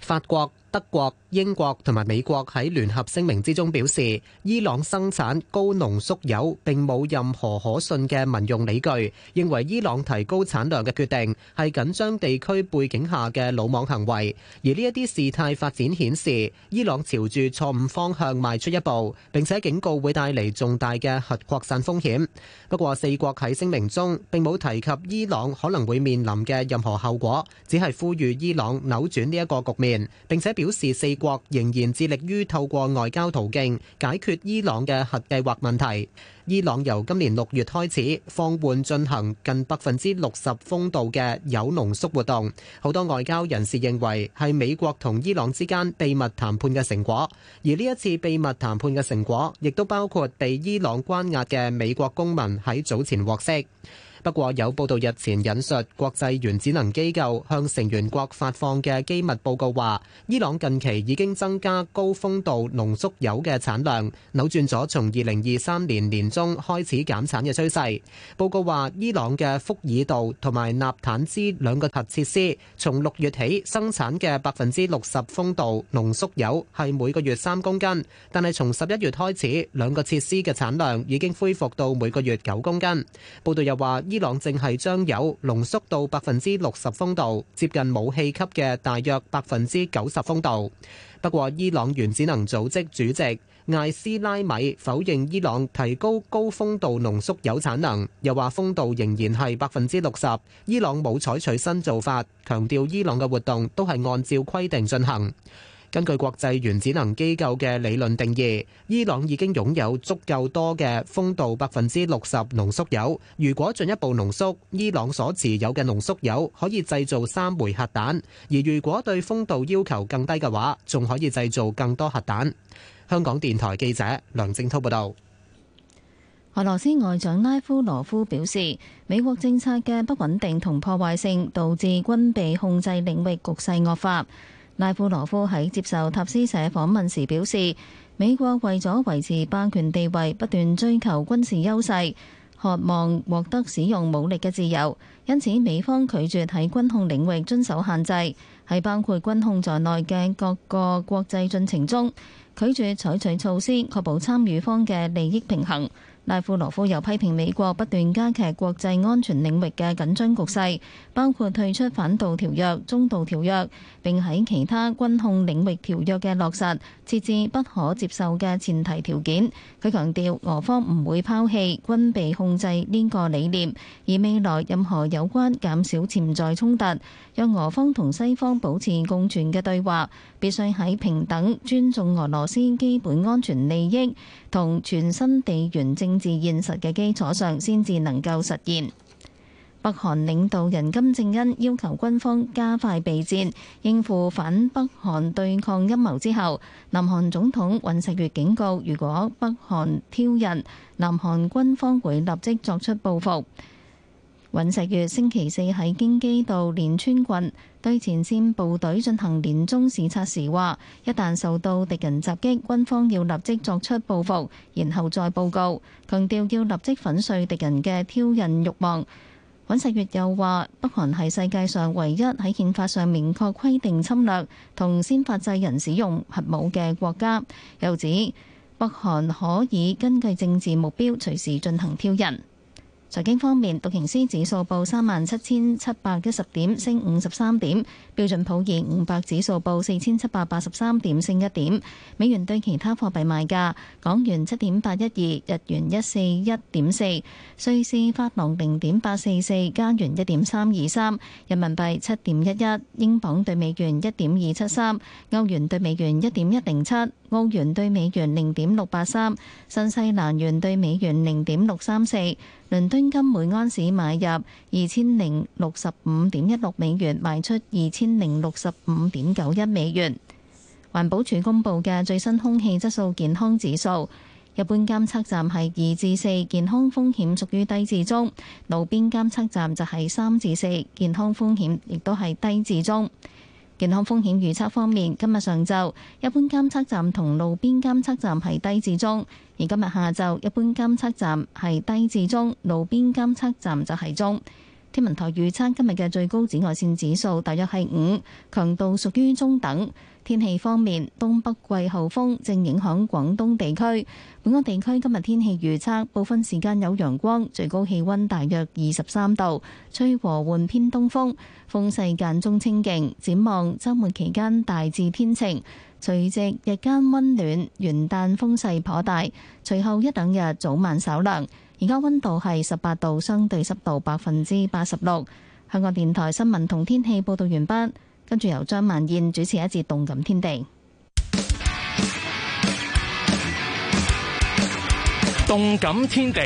法國。德國、英國同埋美國喺聯合聲明之中表示，伊朗生產高濃縮鈾並冇任何可信嘅民用理據，認為伊朗提高產量嘅決定係緊張地區背景下嘅魯莽行為。而呢一啲事態發展顯示，伊朗朝住錯誤方向邁出一步，並且警告會帶嚟重大嘅核擴散風險。不過，四國喺聲明中並冇提及伊朗可能會面臨嘅任何後果，只係呼籲伊朗扭轉呢一個局面，並且。表示四國仍然致力於透過外交途徑解決伊朗嘅核計劃問題。伊朗由今年六月開始放緩進行近百分之六十豐度嘅鈾濃縮活動，好多外交人士認為係美國同伊朗之間秘密談判嘅成果。而呢一次秘密談判嘅成果，亦都包括被伊朗關押嘅美國公民喺早前獲釋。不過有報道日前引述國際原子能機構向成員國發放嘅機密報告話，伊朗近期已經增加高豐度濃縮鈾嘅產量，扭轉咗從二零二三年年中開始減產嘅趨勢。報告話，伊朗嘅福爾道同埋納坦茲兩個核設施，從六月起生產嘅百分之六十豐度濃縮鈾係每個月三公斤，但係從十一月開始，兩個設施嘅產量已經恢復到每個月九公斤。報道又話，伊朗正係將鈾濃縮到百分之六十豐度，接近武器級嘅大約百分之九十豐度。不過，伊朗原子能組織主席艾斯拉米否認伊朗提高高豐度濃縮鈾產能，又話豐度仍然係百分之六十。伊朗冇採取新做法，強調伊朗嘅活動都係按照規定進行。根據國際原子能機構嘅理論定義，伊朗已經擁有足夠多嘅豐度百分之六十濃縮鈾。如果進一步濃縮，伊朗所持有嘅濃縮鈾可以製造三枚核彈；而如果對豐度要求更低嘅話，仲可以製造更多核彈。香港電台記者梁正滔報道。俄羅斯外長拉夫羅夫表示，美國政策嘅不穩定同破壞性，導致軍備控制領域局勢惡化。拉夫羅夫喺接受塔斯社訪問時表示，美國為咗維持霸權地位，不斷追求軍事優勢，渴望獲得使用武力嘅自由，因此美方拒絕喺軍控領域遵守限制，喺包括軍控在內嘅各個國際進程中，拒絕採取措施確保參與方嘅利益平衡。拉夫羅夫又批評美國不斷加劇國際安全領域嘅緊張局勢，包括退出反導條約、中導條約，並喺其他軍控領域條約嘅落實設置不可接受嘅前提條件。佢強調俄方唔會拋棄軍備控制呢個理念，而未來任何有關減少潛在衝突、讓俄方同西方保持共存嘅對話，必須喺平等尊重俄羅斯基本安全利益同全新地緣政治現實嘅基礎上，先至能夠實現。北韓領導人金正恩要求軍方加快備戰，應付反北韓對抗陰謀之後，南韓總統尹錫悅警告，如果北韓挑釁，南韓軍方會立即作出報復。尹錫悅星期四喺京畿道蓮川郡。對前線部隊進行年終視察時話：一旦受到敵人襲擊，軍方要立即作出報復，然後再報告。強調要立即粉碎敵人嘅挑釁欲望。尹錫悅又話：北韓係世界上唯一喺憲法上明確規定侵略同先發制人使用核武嘅國家。又指北韓可以根據政治目標隨時進行挑釁。財經方面，道瓊斯指數報三萬七千七百一十點，升五十三點；標準普爾五百指數報四千七百八十三點，升一點。美元對其他貨幣賣價：港元七點八一二，日元一四一點四，瑞士法郎零點八四四，加元一點三二三，人民幣七點一一，英鎊對美元一點二七三，歐元對美元一點一零七。澳元兌美元零點六八三，新西蘭元兌美元零點六三四，倫敦金每安士買入二千零六十五點一六美元，賣出二千零六十五點九一美元。環保署公布嘅最新空氣質素健康指數，一般監測站係二至四，健康風險屬於低至中；路邊監測站就係三至四，健康風險亦都係低至中。健康風險預測方面，今日上晝一般監測站同路邊監測站係低至中，而今日下晝一般監測站係低至中，路邊監測站就係中。天文台預測今日嘅最高紫外線指數大約係五，強度屬於中等。天氣方面，東北季候風正影響廣東地區。本港地區今日天氣預測，部分時間有陽光，最高氣溫大約二十三度，吹和緩偏東風，風勢間中清勁。展望周末期間大致天晴，除夕日間溫暖，元旦風勢頗大。隨後一兩日早晚稍涼。而家溫度係十八度，相對濕度百分之八十六。香港電台新聞同天氣報道完畢。跟住由張曼燕主持一節《動感天地》。動感天地，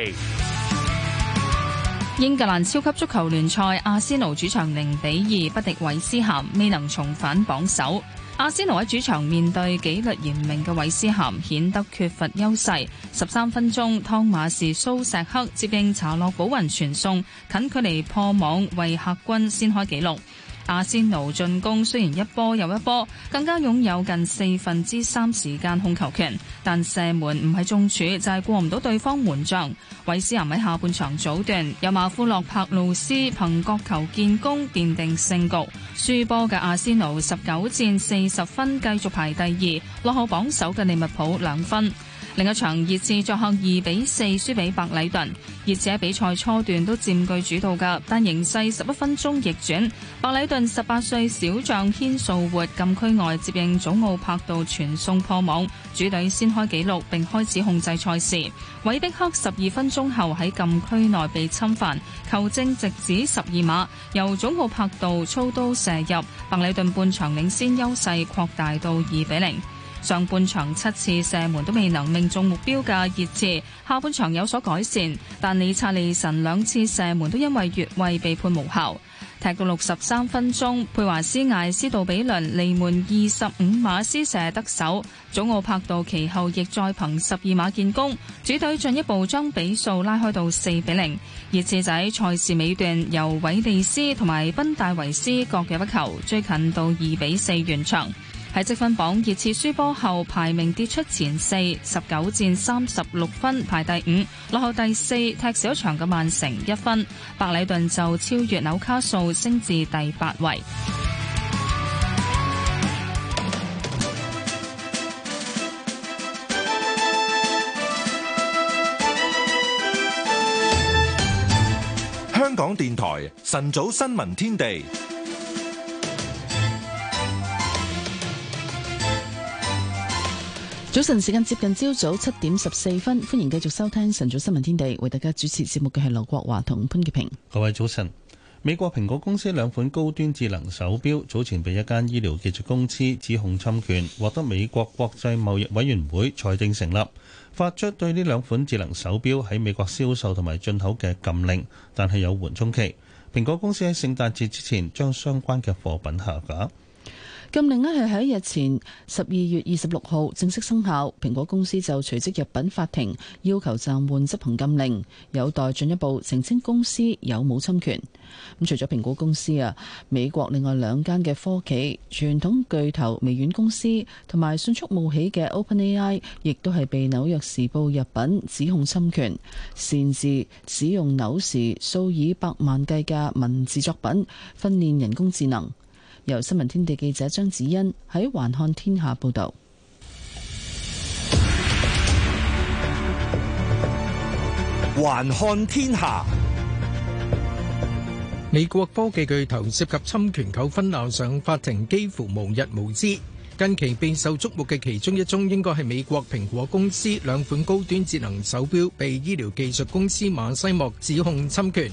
英格蘭超級足球聯賽，阿仙奴主場零比二不敵韋斯咸，未能重返榜首。阿仙奴喺主場面對紀律嚴明嘅韋斯咸，顯得缺乏優勢。十三分鐘，湯馬士蘇石克接應查洛保雲傳送，近距離破網，為客軍先開紀錄。阿仙奴進攻雖然一波又一波，更加擁有近四分之三時間控球權，但射門唔係中柱就係過唔到對方門將。韋斯咸喺下半場早段，由馬夫洛帕路斯憑角球建功奠定勝局。輸波嘅阿仙奴十九戰四十分，繼續排第二，落後榜首嘅利物浦兩分。另一場熱刺作客二比四輸俾白禮頓，熱刺喺比賽初段都佔據主導㗎，但形勢十一分鐘逆轉，白禮頓十八歲小將軒數活禁區外接應祖奧拍道傳送破網，主隊先開紀錄並開始控制賽事。韋碧克十二分鐘後喺禁區內被侵犯，球證直指十二碼，由祖奧拍道操刀射入，白禮頓半場領先優勢擴大到二比零。上半場七次射門都未能命中目標嘅熱刺，下半場有所改善，但理查利神兩次射門都因為越位被判無效。踢到六十三分鐘，佩華斯艾斯杜比倫離門二十五碼施射得手，祖奧柏度其後亦再憑十二碼建功，主隊進一步將比數拉開到四比零。熱刺仔賽事尾段由韋利斯同埋賓戴維斯各有一球，追近到二比四完場。喺積分榜熱刺輸波後排名跌出前四，十九戰三十六分排第五，落後第四踢少一場嘅曼城一分，白禮頓就超越紐卡素升至第八位。香港電台晨早新聞天地。早晨時間接近朝早七點十四分，歡迎繼續收聽晨早新聞天地。為大家主持節目嘅係劉國華同潘潔平。各位早晨。美國蘋果公司兩款高端智能手錶早前被一間醫療技術公司指控侵權，獲得美國國際貿易委員會裁定成立，發出對呢兩款智能手錶喺美國銷售同埋進口嘅禁令，但係有緩衝期。蘋果公司喺聖誕節之前將相關嘅貨品下架。禁令呢係喺日前十二月二十六號正式生效，蘋果公司就隨即入禀法庭，要求暫緩執行禁令，有待進一步澄清公司有冇侵權。咁除咗蘋果公司啊，美國另外兩間嘅科企傳統巨頭微軟公司同埋迅速冒起嘅 OpenAI，亦都係被紐約時報入禀指控侵權，擅自使用紐時數以百萬計嘅文字作品訓練人工智能。由新聞天地記者張子欣喺《橫看天下》報道。《橫看天下》美國科技巨頭涉及侵權糾紛鬧上法庭，幾乎無日無之。近期備受矚目嘅其中一宗，應該係美國蘋果公司兩款高端智能手錶被醫療技術公司馬西莫指控侵權。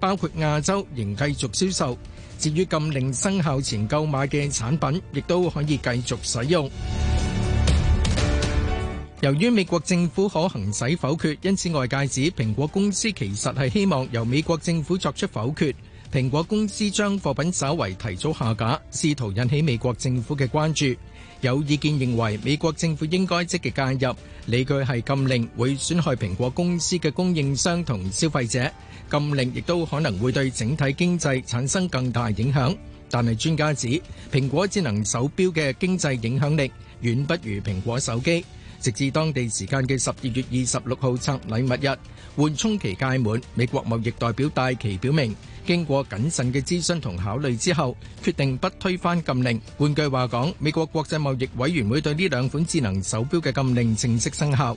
包括亞洲仍繼續銷售。至於禁令生效前購買嘅產品，亦都可以繼續使用。 由於美國政府可行使否決，因此外界指蘋果公司其實係希望由美國政府作出否決。蘋果公司將貨品稍為提早下架，試圖引起美國政府嘅關注。有意見認為美國政府應該積極介入，理據係禁令會損害蘋果公司嘅供應商同消費者。禁令亦都可能會對整體經濟產生更大影響，但係專家指，蘋果智能手錶嘅經濟影響力遠不如蘋果手機。直至當地時間嘅十二月二十六號拆禮物日，緩衝期屆滿，美國貿易代表戴琪表明，經過謹慎嘅諮詢同考慮之後，決定不推翻禁令。換句話講，美國國際貿易委員會對呢兩款智能手錶嘅禁令正式生效。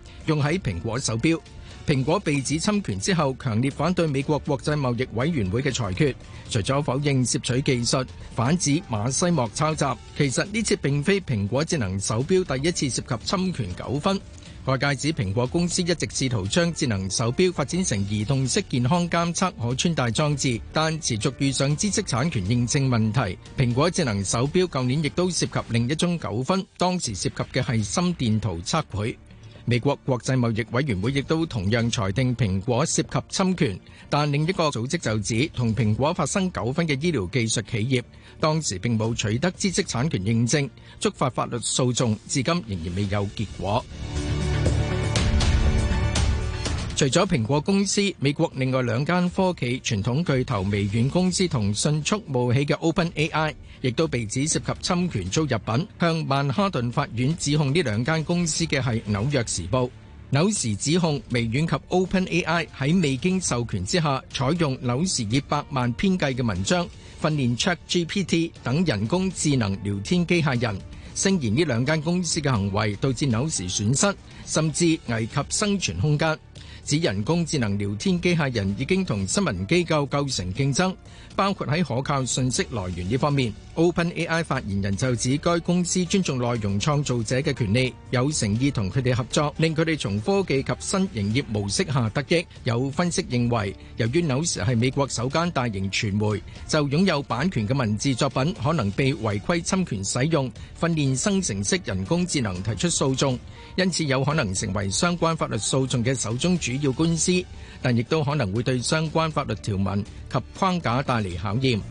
用喺蘋果手錶，蘋果被指侵權之後強烈反對美國國際貿易委員會嘅裁決，除咗否認攝取技術，反指馬西莫抄襲，其實呢次並非蘋果智能手錶第一次涉及侵權糾紛，外界指蘋果公司一直試圖將智能手錶發展成移動式健康監測可穿戴裝置，但持續遇上知識產權認證問題，蘋果智能手錶舊年亦都涉及另一宗糾紛，當時涉及嘅係心電圖測繪。美國國際貿易委員會亦都同樣裁定蘋果涉及侵權，但另一個組織就指，同蘋果發生糾紛嘅醫療技術企業，當時並冇取得知識產權認證，觸發法律訴訟，至今仍然未有結果。除咗蘋果公司，美國另外兩間科技傳統巨頭微軟公司同迅速冒起嘅 OpenAI，亦都被指涉及侵權租入品。向曼哈頓法院指控呢兩間公司嘅係紐約時報。紐時指控微軟及 OpenAI 喺未經授權之下，採用紐時以百萬篇計嘅文章訓練 ChatGPT 等人工智能聊天機械人，聲言呢兩間公司嘅行為導致紐時損失，甚至危及生存空間。指人工智能聊天機械人已經同新聞機構構成競爭，包括喺可靠信息來源呢方面。OpenAI 發言人就指，該公司尊重內容創造者嘅權利，有誠意同佢哋合作，令佢哋從科技及新營業模式下得益。有分析認為，由於紐時係美國首間大型傳媒，就擁有版權嘅文字作品可能被違規侵權使用，訓練生成式人工智能提出訴訟，因此有可能成為相關法律訴訟嘅首宗主主要官司，但亦都可能會對相關法律條文及框架帶嚟考驗。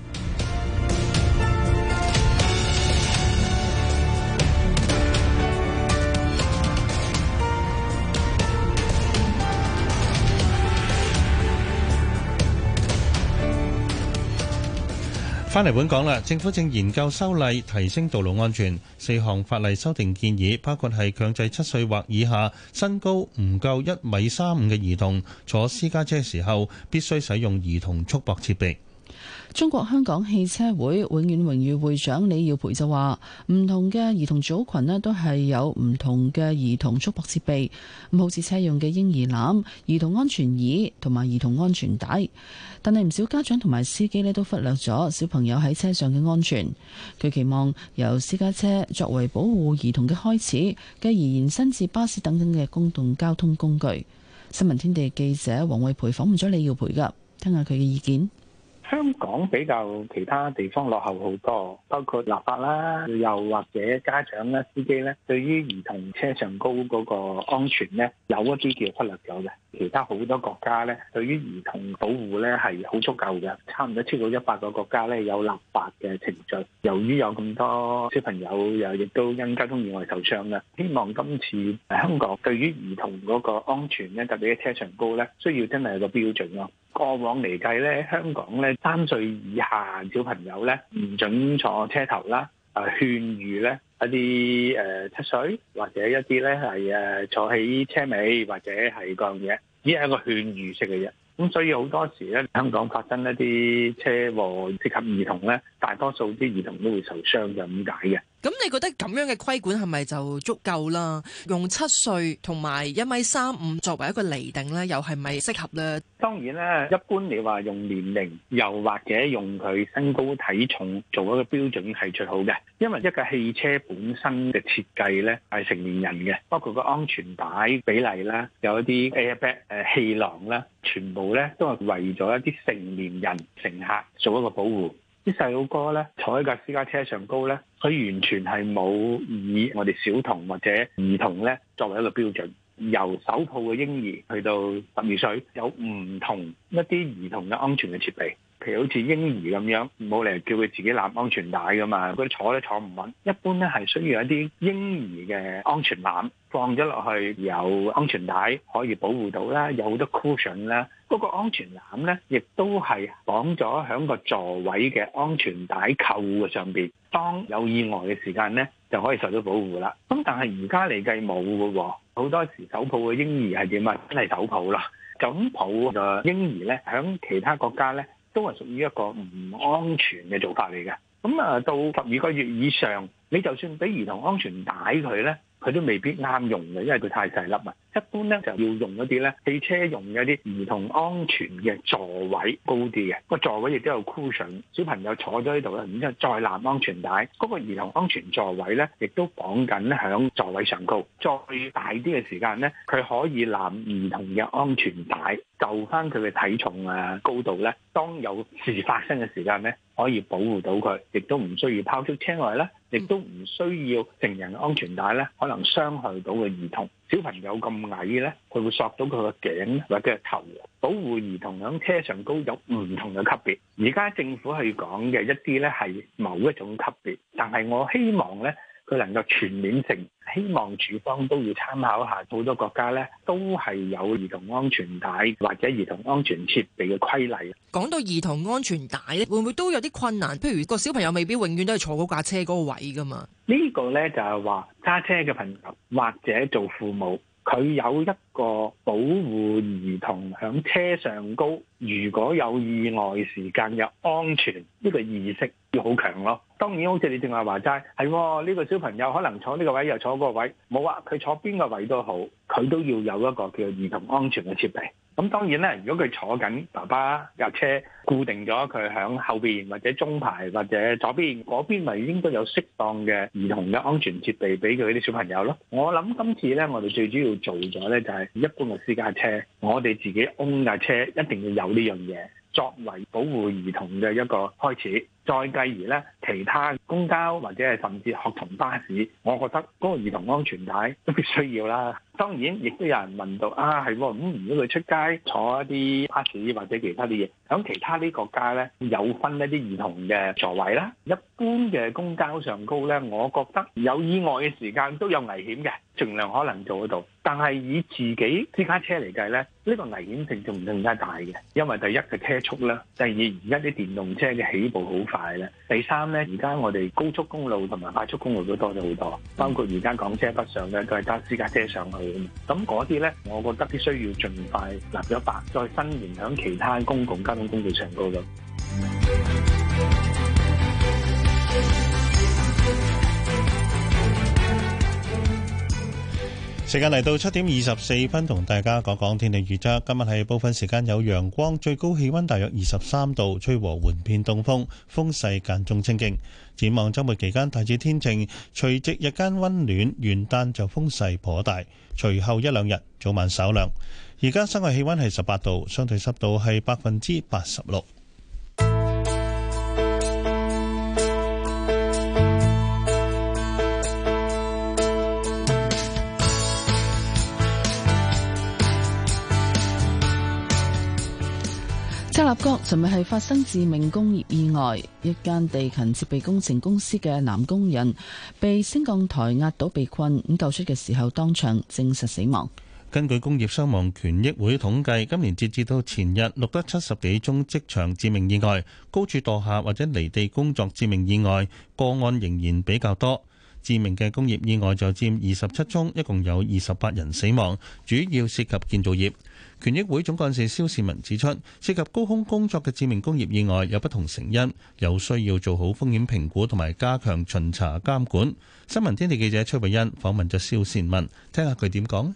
返嚟本港啦，政府正研究修例提升道路安全，四項法例修訂建議包括係強制七歲或以下身高唔夠一米三五嘅兒童坐私家車時候必須使用兒童束縛設備。中國香港汽車會永遠榮譽會長李耀培就話：唔同嘅兒童組群咧，都係有唔同嘅兒童束縛設備，好似車用嘅嬰兒籃、兒童安全椅同埋兒童安全帶。但係唔少家長同埋司機咧都忽略咗小朋友喺車上嘅安全。佢期望由私家車作為保護兒童嘅開始，繼而延伸至巴士等等嘅公共交通工具。新聞天地記者黃慧培訪問咗李耀培㗎，聽下佢嘅意見。香港比較其他地方落後好多，包括立法啦，又或者家長啦、司機咧，對於兒童車上高嗰個安全咧，有一啲叫忽略咗嘅。其他好多國家咧，對於兒童保護咧係好足夠嘅，差唔多超過一百個國家咧有立法嘅程序。由於有咁多小朋友又亦都因交通意外受傷嘅，希望今次喺香港對於兒童嗰個安全咧，特別嘅車上高咧，需要真係有一個標準咯。過往嚟計咧，香港咧三歲以下小朋友咧唔準坐車頭啦，啊勸喻咧一啲誒、呃、七歲，或者一啲咧係誒坐喺車尾或者係各樣嘢，呢係一個勸喻式嘅嘢。咁所以好多時咧，香港發生一啲車禍涉及兒童咧，大多數啲兒童都會受傷，就咁解嘅。咁你覺得咁樣嘅規管係咪就足夠啦？用七歲同埋一米三五作為一個釐定咧，又係咪適合咧？當然啦，一般你話用年齡，又或者用佢身高體重做一個標準係最好嘅，因為一架汽車本身嘅設計咧係成年人嘅，包括個安全帶比例啦，有一啲 airbag 誒氣囊啦，全部咧都係為咗一啲成年人乘客做一個保護。啲細佬哥咧坐喺架私家車上高咧，佢完全係冇以我哋小童或者兒童咧作為一個標準，由手抱嘅嬰兒去到十二歲，有唔同一啲兒童嘅安全嘅設備。譬如好似嬰兒咁樣，冇理由叫佢自己攬安全帶噶嘛，佢坐都坐唔穩，一般咧係需要一啲嬰兒嘅安全籃放咗落去，有安全帶可以保護到啦，有好多 cushion 啦，嗰個安全籃咧亦都係綁咗喺個座位嘅安全帶扣嘅上邊，當有意外嘅時間咧就可以受到保護啦。咁但係而家嚟計冇嘅喎，好多時手抱嘅嬰兒係點啊？真係手抱啦，咁抱嘅嬰兒咧喺其他國家咧。都係屬於一個唔安全嘅做法嚟嘅。咁啊，到十二個月以上，你就算俾兒童安全帶佢咧。佢都未必啱用嘅，因為佢太細粒啊！一般咧就要用一啲咧汽車用嘅一啲兒童安全嘅座位，高啲嘅個座位，亦都有 cushion，小朋友坐咗呢度咧，然之後再攬安全帶。嗰個兒童安全座位咧，亦都綁緊喺座位上高。再大啲嘅時間咧，佢可以攬唔同嘅安全帶，就翻佢嘅體重啊高度咧。當有事發生嘅時間咧，可以保護到佢，亦都唔需要拋出車外咧。亦都唔需要成人嘅安全帶咧，可能傷害到個兒童。小朋友咁矮咧，佢會索到佢個頸或者頭。保護兒童響車上高有唔同嘅級別，而家政府去講嘅一啲咧係某一種級別，但係我希望咧。佢能夠全面性，希望處方都要參考下，好多國家呢都係有兒童安全帶或者兒童安全設備嘅規例。講到兒童安全帶咧，會唔會都有啲困難？譬如個小朋友未必永遠都係坐嗰架車嗰個位噶嘛？呢個呢就係話揸車嘅朋友或者做父母，佢有一個保護兒童響車上高，如果有意外時間有安全呢、呢個意識要好強咯。當然，好似你正話話齋，係喎，呢個小朋友可能坐呢個位又坐嗰個位，冇啊！佢坐邊個位都好，佢都要有一個叫兒童安全嘅設備。咁當然咧，如果佢坐緊爸爸架車，固定咗佢響後邊或者中排或者左邊嗰邊，咪應該有適當嘅兒童嘅安全設備俾佢啲小朋友咯。我諗今次咧，我哋最主要做咗咧，就係一般嘅私家車，我哋自己安架車一定要有呢樣嘢，作為保護兒童嘅一個開始。再繼而咧。其他公交或者係甚至學童巴士，我覺得嗰個兒童安全帶都必須要啦。當然，亦都有人問到啊，係喎咁如果佢出街坐一啲巴士或者其他啲嘢，咁其他啲國家咧有分一啲兒童嘅座位啦。一般嘅公交上高咧，我覺得有意外嘅時間都有危險嘅，盡量可能做得到。但係以自己私家車嚟計咧，呢個危險性仲唔更加大嘅，因為第一嘅車速啦，第二而家啲電動車嘅起步好快咧，第三咧。而家我哋高速公路同埋快速公路都多咗好多，包括而家港車北上咧，都係揸私家車上去，咁嗰啲呢，我覺得必須要盡快立咗法，再伸延響其他公共交通工具上高咯。時間嚟到七點二十四分，同大家講講天氣預測。今日係部分時間有陽光，最高氣溫大約二十三度，吹和緩偏東風，風勢間中清勁。展望周末期間大致天晴，隨即日間溫暖，元旦就風勢頗大，隨後一兩日早晚稍涼。而家室外氣溫係十八度，相對濕度係百分之八十六。加納國尋日係發生致命工業意外，一間地勤設備工程公司嘅男工人被升降台壓倒被困，咁救出嘅時候當場證實死亡。根據工業傷亡權益會統計，今年截至到前日錄得七十幾宗職場致命意外，高處墮下或者離地工作致命意外個案仍然比較多。致命嘅工業意外就占二十七宗，一共有二十八人死亡，主要涉及建造業。權益會總幹事蕭善文指出，涉及高空工作嘅致命工業意外有不同成因，有需要做好風險評估同埋加強巡查監管。新聞天地記者崔慧欣訪問咗蕭善文，聽下佢點講。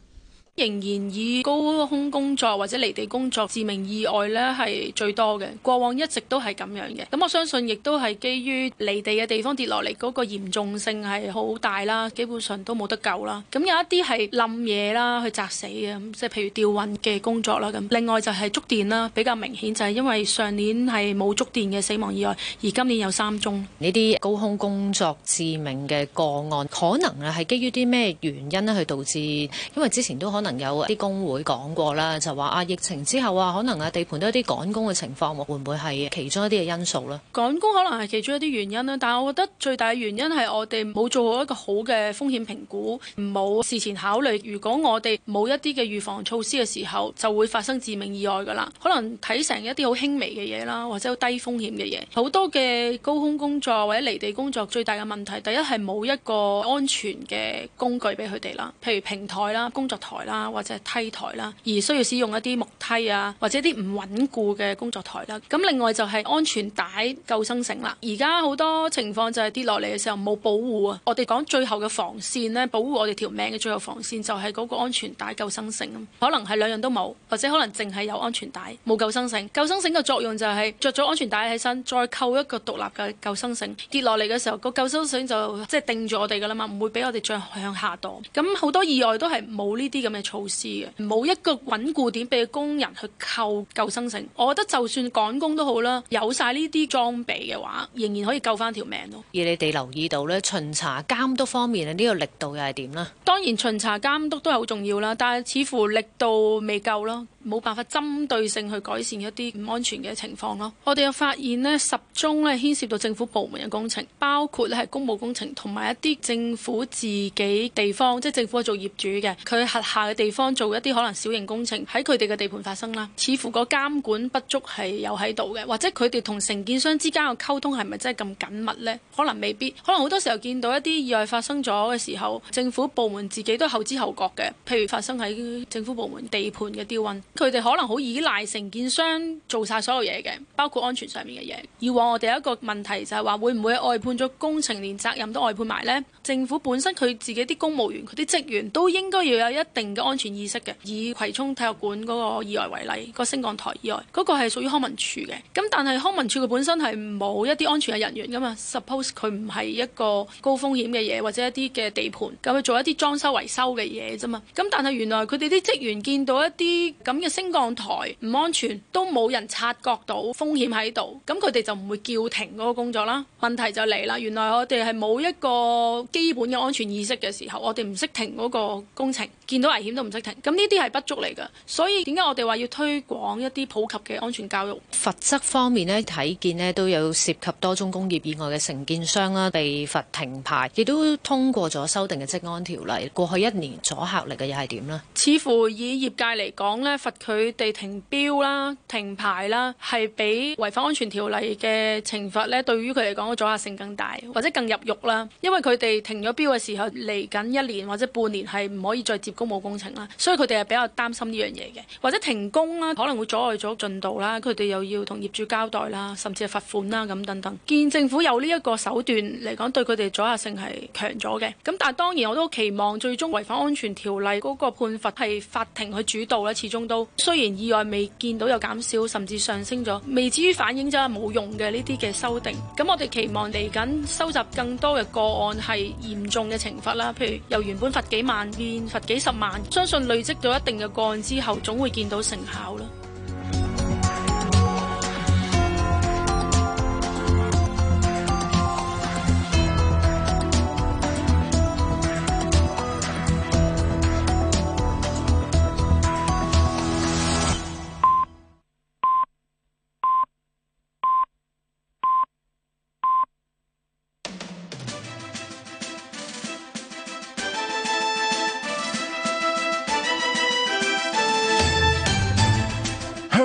仍然以高空工作或者離地工作致命意外咧係最多嘅，過往一直都係咁樣嘅。咁我相信亦都係基於離地嘅地方跌落嚟嗰個嚴重性係好大啦，基本上都冇得救啦。咁有一啲係冧嘢啦，去砸死嘅，即係譬如吊運嘅工作啦。咁另外就係觸電啦，比較明顯就係因為上年係冇觸電嘅死亡意外，而今年有三宗呢啲高空工作致命嘅個案，可能啊係基於啲咩原因咧去導致？因為之前都可能。可能有啲工會講過啦，就話啊疫情之後啊，可能啊地盤都有啲趕工嘅情況，會唔會係其中一啲嘅因素咧？趕工可能係其中一啲原因啦，但係我覺得最大嘅原因係我哋冇做好一個好嘅風險評估，唔冇事前考慮。如果我哋冇一啲嘅預防措施嘅時候，就會發生致命意外噶啦。可能睇成一啲好輕微嘅嘢啦，或者好低風險嘅嘢。好多嘅高空工作或者離地工作，最大嘅問題，第一係冇一個安全嘅工具俾佢哋啦，譬如平台啦、工作台啦。啊，或者梯台啦，而需要使用一啲木梯啊，或者啲唔穩固嘅工作台啦。咁另外就係安全帶、救生繩啦。而家好多情況就係跌落嚟嘅時候冇保護啊。我哋講最後嘅防線咧，保護我哋條命嘅最後防線就係嗰個安全帶、救生繩。可能係兩樣都冇，或者可能淨係有安全帶，冇救生繩。救生繩嘅作用就係着咗安全帶起身，再扣一個獨立嘅救生繩，跌落嚟嘅時候個救生繩就即係定住我哋噶啦嘛，唔會俾我哋再向下墮，咁好多意外都係冇呢啲咁嘅。措施嘅，冇一個穩固點俾工人去扣救生繩。我覺得就算趕工都好啦，有晒呢啲裝備嘅話，仍然可以救翻條命咯。而你哋留意到咧，巡查監督方面呢、呢個力度又係點咧？當然巡查監督都係好重要啦，但係似乎力度未夠咯。冇辦法針對性去改善一啲唔安全嘅情況咯。我哋又發現呢十宗呢牽涉到政府部門嘅工程，包括呢係公務工程同埋一啲政府自己地方，即係政府係做業主嘅，佢轄下嘅地方做一啲可能小型工程喺佢哋嘅地盤發生啦。似乎嗰監管不足係有喺度嘅，或者佢哋同承建商之間嘅溝通係咪真係咁緊密呢？可能未必，可能好多時候見到一啲意外發生咗嘅時候，政府部門自己都後知後覺嘅。譬如發生喺政府部門地盤嘅吊運。佢哋可能好依賴承建商做晒所有嘢嘅，包括安全上面嘅嘢。以往我哋一個問題就係話，會唔會外判咗工程連責任都外判埋呢？政府本身佢自己啲公務員佢啲職員都應該要有一定嘅安全意識嘅。以葵涌體育館嗰個意外為例，嗰個升降台意外嗰、嗰個係屬於康文署嘅。咁但係康文署佢本身係冇一啲安全嘅人員噶嘛？Suppose 佢唔係一個高風險嘅嘢，或者一啲嘅地盤咁去做一啲裝修維修嘅嘢啫嘛。咁但係原來佢哋啲職員見到一啲咁。升降台唔安全，都冇人察覺到風險喺度，咁佢哋就唔會叫停嗰個工作啦。問題就嚟啦，原來我哋係冇一個基本嘅安全意識嘅時候，我哋唔識停嗰個工程，見到危險都唔識停。咁呢啲係不足嚟噶，所以點解我哋話要推廣一啲普及嘅安全教育？罰則方面咧，睇見咧都有涉及多宗工業以外嘅承建商啦，被罰停牌，亦都通過咗修訂嘅職安條例。過去一年阻嚇力嘅又係點咧？似乎以業界嚟講咧，罰。佢哋停標啦、停牌啦，係比違反安全條例嘅懲罰咧，對於佢嚟講嘅阻嚇性更大，或者更入獄啦。因為佢哋停咗標嘅時候，嚟緊一年或者半年係唔可以再接公務工程啦，所以佢哋係比較擔心呢樣嘢嘅，或者停工啦，可能會阻礙咗進度啦，佢哋又要同業主交代啦，甚至係罰款啦咁等等。見政府有呢一個手段嚟講，對佢哋阻嚇性係強咗嘅。咁但係當然我都期望最終違反安全條例嗰個判罰係法庭去主導啦，始終都。雖然意外未見到有減少，甚至上升咗，未至於反映咗冇用嘅呢啲嘅修訂。咁我哋期望嚟緊收集更多嘅個案係嚴重嘅懲罰啦，譬如由原本罰幾萬變罰幾十萬，相信累積到一定嘅個案之後，總會見到成效啦。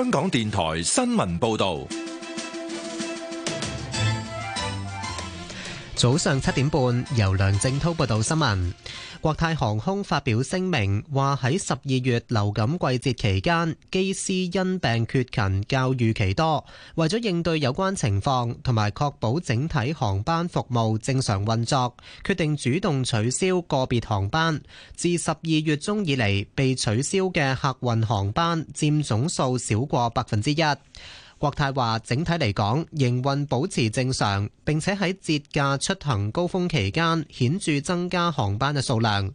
香港電台新聞報道。早上七點半，由梁正滔報道新聞。國泰航空發表聲明，話喺十二月流感季節期間，機師因病缺勤較預期多，為咗應對有關情況同埋確保整體航班服務正常運作，決定主動取消個別航班。自十二月中以嚟被取消嘅客運航班，佔總數少過百分之一。國泰話，整體嚟講，營運保持正常，並且喺節假出行高峰期間顯著增加航班嘅數量。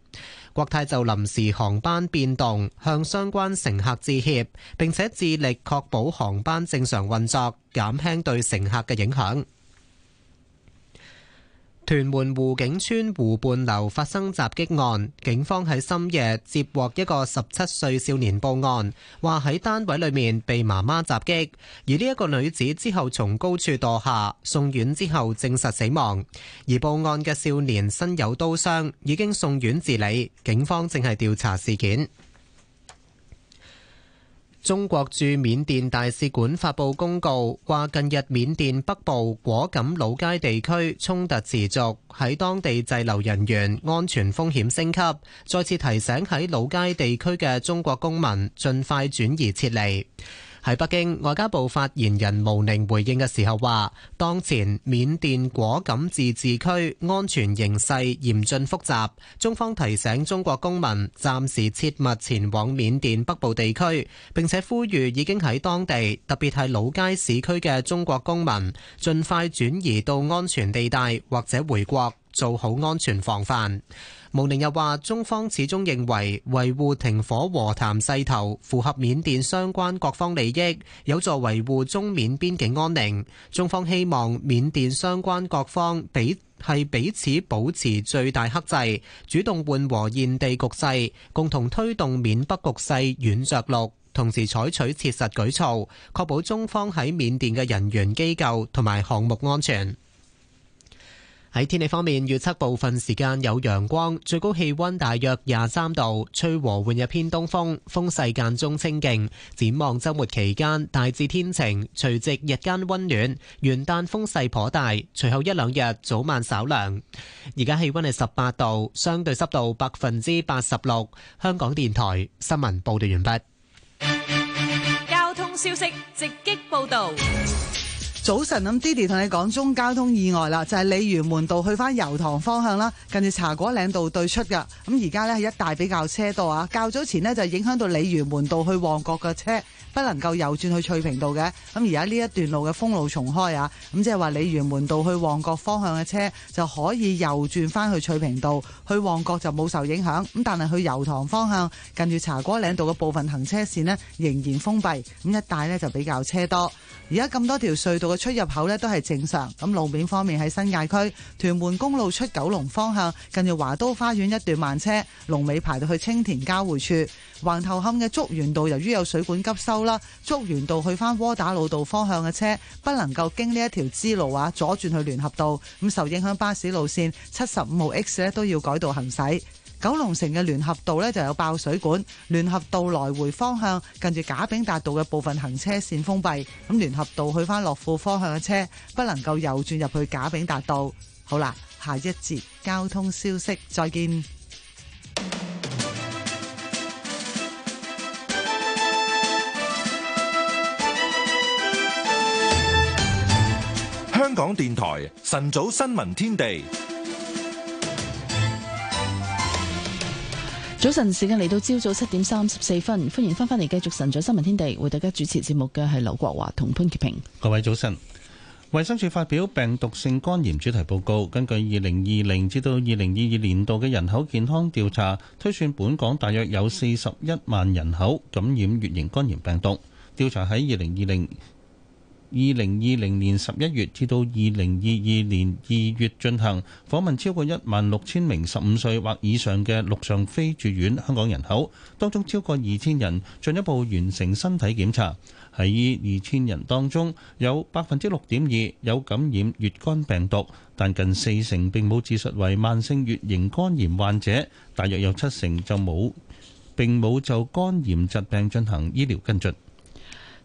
國泰就臨時航班變動，向相關乘客致歉，並且致力確保航班正常運作，減輕對乘客嘅影響。屯門湖景村湖畔樓發生襲擊案，警方喺深夜接獲一個十七歲少年報案，話喺單位裏面被媽媽襲擊，而呢一個女子之後從高處墮下，送院之後證實死亡，而報案嘅少年身有刀傷，已經送院治理，警方正係調查事件。中國駐緬甸大使館發布公告，話近日緬甸北部果敢老街地區衝突持續，喺當地滯留人員安全風險升級，再次提醒喺老街地區嘅中國公民盡快轉移撤離。喺北京外交部發言人毛寧回應嘅時候話，當前緬甸果敢自治區安全形勢嚴峻複雜，中方提醒中國公民暫時切勿前往緬甸北部地區，並且呼籲已經喺當地，特別係老街市區嘅中國公民，儘快轉移到安全地帶或者回國。做好安全防範。毛寧又話：中方始終認為維護停火和談勢頭符合緬甸相關各方利益，有助維護中緬邊境安寧。中方希望緬甸相關各方比係彼此保持最大克制，主動緩和現地局勢，共同推動緬北局勢軟著陸，同時採取切實舉措，確保中方喺緬甸嘅人員、機構同埋項目安全。喺天氣方面，預測部分時間有陽光，最高氣溫大約廿三度，吹和緩日偏東風，風勢間中清勁。展望周末期間大致天晴，除夕日間溫暖。元旦風勢頗大，隨後一兩日早晚稍涼。而家氣溫係十八度，相對濕度百分之八十六。香港電台新聞報道完畢。交通消息直擊報道。早晨，咁 Didi 同你講中交通意外啦，就係鯉魚門道去翻油塘方向啦，近住茶果嶺道對出嘅，咁而家呢係一帶比較車多啊。較早前呢就影響到鯉魚門道去旺角嘅車不能夠右轉去翠屏道嘅，咁而家呢一段路嘅封路重開啊，咁即係話鯉魚門道去旺角方向嘅車就可以右轉翻去翠屏道，去旺角就冇受影響。咁但係去油塘方向近住茶果嶺道嘅部分行車線呢，仍然封閉，咁一帶呢就比較車多。而家咁多條隧道嘅。出入口咧都係正常，咁路面方面喺新界區屯門公路出九龍方向，近住華都花園一段慢車，龍尾排到去青田交匯處。橫頭磡嘅竹園道由於有水管急修，啦，竹園道去翻窩打老道方向嘅車不能夠經呢一條支路啊，左轉去聯合道，咁受影響巴士路線七十五號 X 咧都要改道行駛。九龍城嘅聯合道咧就有爆水管，聯合道來回方向近住賈炳達道嘅部分行車線封閉，咁聯合道去返樂富方向嘅車不能夠右轉入去賈炳達道。好啦，下一節交通消息，再見。香港電台晨早新聞天地。早晨，時間嚟到朝早七點三十四分，歡迎翻返嚟繼續晨早新聞天地，為大家主持節目嘅係劉國華同潘潔平。各位早晨，衞生署發表病毒性肝炎主題報告，根據二零二零至到二零二二年度嘅人口健康調查，推算本港大約有四十一萬人口感染乙型肝炎病毒。調查喺二零二零二零二零年十一月至到二零二二年二月進行訪問，超過一萬六千名十五歲或以上嘅陸上非住院香港人口，當中超過二千人進一步完成身體檢查。喺二千人當中，有百分之六點二有感染乙肝病毒，但近四成並冇自述為慢性乙型肝炎患者，大約有七成就冇，並冇就肝炎疾病進行醫療跟進。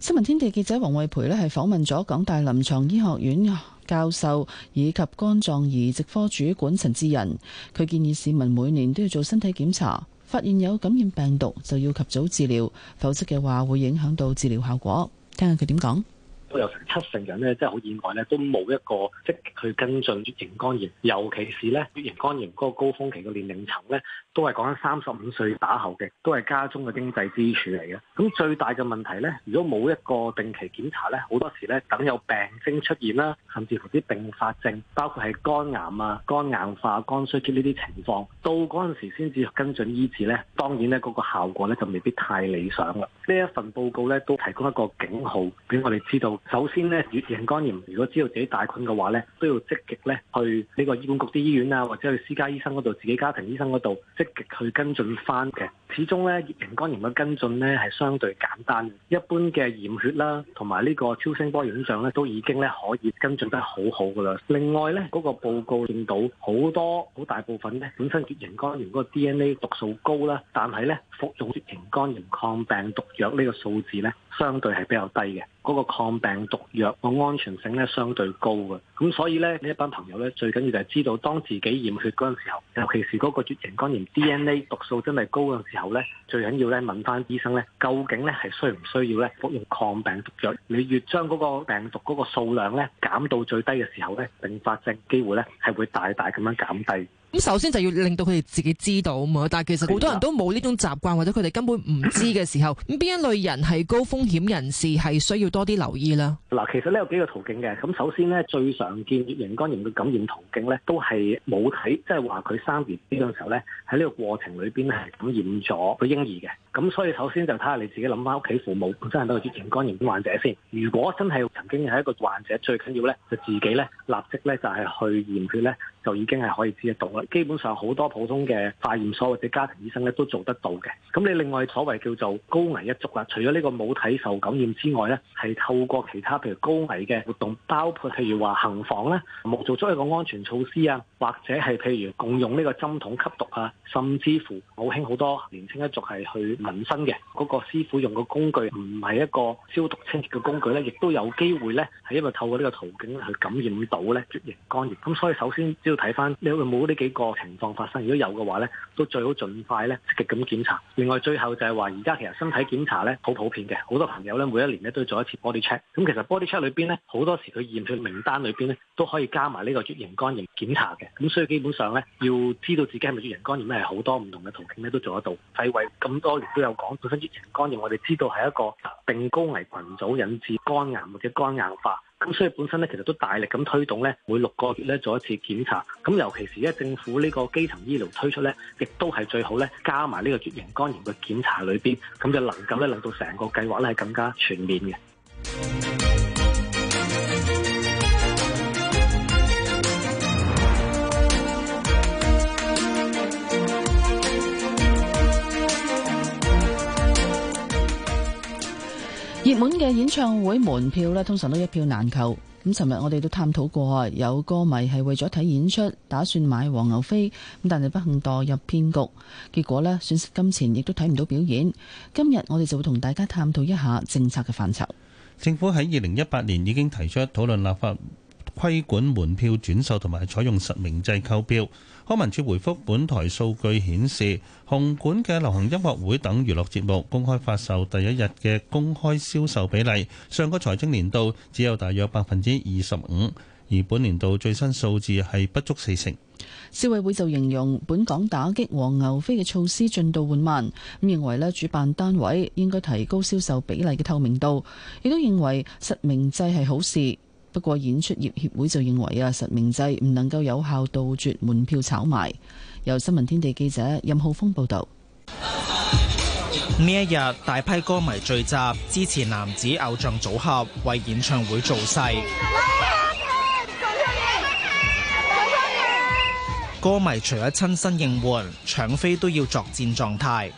新聞天地記者王慧培咧係訪問咗港大臨床醫學院教授以及肝臟移植科主管陳志仁，佢建議市民每年都要做身體檢查，發現有感染病毒就要及早治療，否則嘅話會影響到治療效果。聽下佢點講。都有七成人咧，真係好意外咧，都冇一個即係去跟進乙型肝炎，尤其是咧乙型肝炎嗰個高峰期嘅年齡層咧，都係講緊三十五歲打後嘅，都係家中嘅經濟支柱嚟嘅。咁最大嘅問題咧，如果冇一個定期檢查咧，好多時咧等有病徵出現啦，甚至乎啲併發症，包括係肝癌啊、肝硬化、肝衰竭呢啲情況，到嗰陣時先至跟進醫治咧，當然咧嗰個效果咧就未必太理想啦。呢一份報告咧都提供一個警號俾我哋知道。首先呢，乙型肝炎如果知道自己帶菌嘅話，呢都要積極呢去呢個醫管局啲醫院啊，或者去私家醫生嗰度，自己家庭醫生嗰度積極去跟進翻嘅。始終咧，乙型肝炎嘅跟進咧係相對簡單嘅。一般嘅驗血啦，同埋呢個超聲波影像咧，都已經咧可以跟進得好好噶啦。另外咧，嗰、那個報告見到好多好大部分咧，本身乙型肝炎嗰個 DNA 毒素高啦，但係咧服用乙型肝炎抗病毒藥呢個數字咧，相對係比較低嘅。嗰、那個抗病毒藥個安全性咧，相對高嘅。咁所以咧，呢一班朋友咧，最緊要就係知道，當自己驗血嗰陣時候，尤其是嗰個乙型肝炎 DNA 毒素真係高嘅時候。後咧，最緊要咧問翻醫生咧，究竟咧係需唔需要咧服用抗病毒藥。你越將嗰個病毒嗰個數量咧減到最低嘅時候咧，併發症機會咧係會大大咁樣減低。咁首先就要令到佢哋自己知道嘛，但係其實好多人都冇呢種習慣，或者佢哋根本唔知嘅時候，咁邊一類人係高風險人士，係需要多啲留意啦。嗱，其實呢有幾個途徑嘅，咁首先咧最常見乙型肝炎嘅感染途徑咧，都係冇睇，即係話佢三年呢陣時候咧，喺呢個過程裏邊係感染咗個嬰兒嘅。咁所以首先就睇下你自己諗翻屋企父母本身係唔係乙型肝炎患者先。如果真係曾經係一個患者，最緊要咧就自己咧立即咧就係去驗血咧，就已經係可以知得到基本上好多普通嘅化驗所或者家庭醫生咧都做得到嘅。咁你另外所謂叫做高危一族啊，除咗呢個母體受感染之外咧，係透過其他譬如高危嘅活動，包括譬如話行房咧，冇做咗一個安全措施啊，或者係譬如共用呢個針筒吸毒啊，甚至乎好興好多年青一族係去紋身嘅，嗰個師傅用個工具唔係一個消毒清潔嘅工具咧，亦都有機會咧係因為透過呢個途徑去感染到咧血液肝炎。咁所以首先只要睇翻你有冇呢幾個情況發生，如果有嘅話咧，都最好盡快咧積極咁檢查。另外，最後就係話，而家其實身體檢查咧好普遍嘅，好多朋友咧每一年咧都要做一次 body check。咁其實 body check 裏邊咧，好多時佢驗血名單裏邊咧都可以加埋呢個乙型肝炎檢查嘅。咁所以基本上咧，要知道自己係咪乙型肝炎，係好多唔同嘅途徑咧都做得到。肺衛咁多年都有講，本身乙型肝炎我哋知道係一個定高危群組引致肝癌或者肝硬化。咁所以本身咧，其實都大力咁推動咧，每六個月咧做一次檢查。咁尤其是咧，政府呢個基層醫療推出咧，亦都係最好咧，加埋呢個乙型肝炎嘅檢查裏邊，咁就能夠咧令到成個計劃咧更加全面嘅。熱門嘅演唱會門票呢，通常都一票難求。咁，尋日我哋都探討過，有歌迷係為咗睇演出，打算買黃牛飛，咁但係不幸墮入騙局，結果呢損失金錢，亦都睇唔到表演。今日我哋就會同大家探討一下政策嘅範疇。政府喺二零一八年已經提出討論立法。規管門票轉售同埋採用實名制購票。康文署回覆本台數據顯示，紅館嘅流行音樂會等娛樂節目公開發售第一日嘅公開銷售比例，上個財政年度只有大約百分之二十五，而本年度最新數字係不足四成。消委會就形容本港打擊黃牛飛嘅措施進度緩慢，咁認為呢，主辦單位應該提高銷售比例嘅透明度，亦都認為實名制係好事。不過演出業協會就認為啊，實名制唔能夠有效杜絕門票炒賣。由新聞天地記者任浩峰報道。呢一日大批歌迷聚集，支持男子偶像組合，為演唱會造勢。歌迷除咗親身應援，搶飛都要作戰狀態。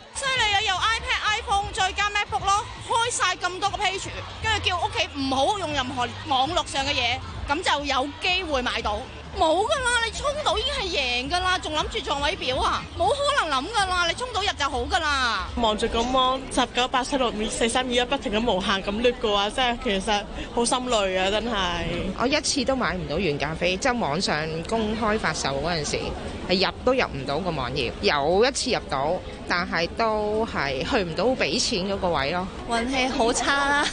晒咁多個 page，跟住叫屋企唔好用任何網絡上嘅嘢，咁就有機會買到。冇噶啦，你衝到已經係贏噶啦，仲諗住撞位表啊？冇可能諗噶啦，你衝到入就好噶啦。望住個網，十九八七六四三二一，不停咁無限咁掠過呀，真係其實好心累啊！真係。我一次都買唔到原價飛，即係網上公開發售嗰陣時，係入都入唔到個網頁。有一次入到，但係都係去唔到俾錢嗰個位咯。運氣好差啦！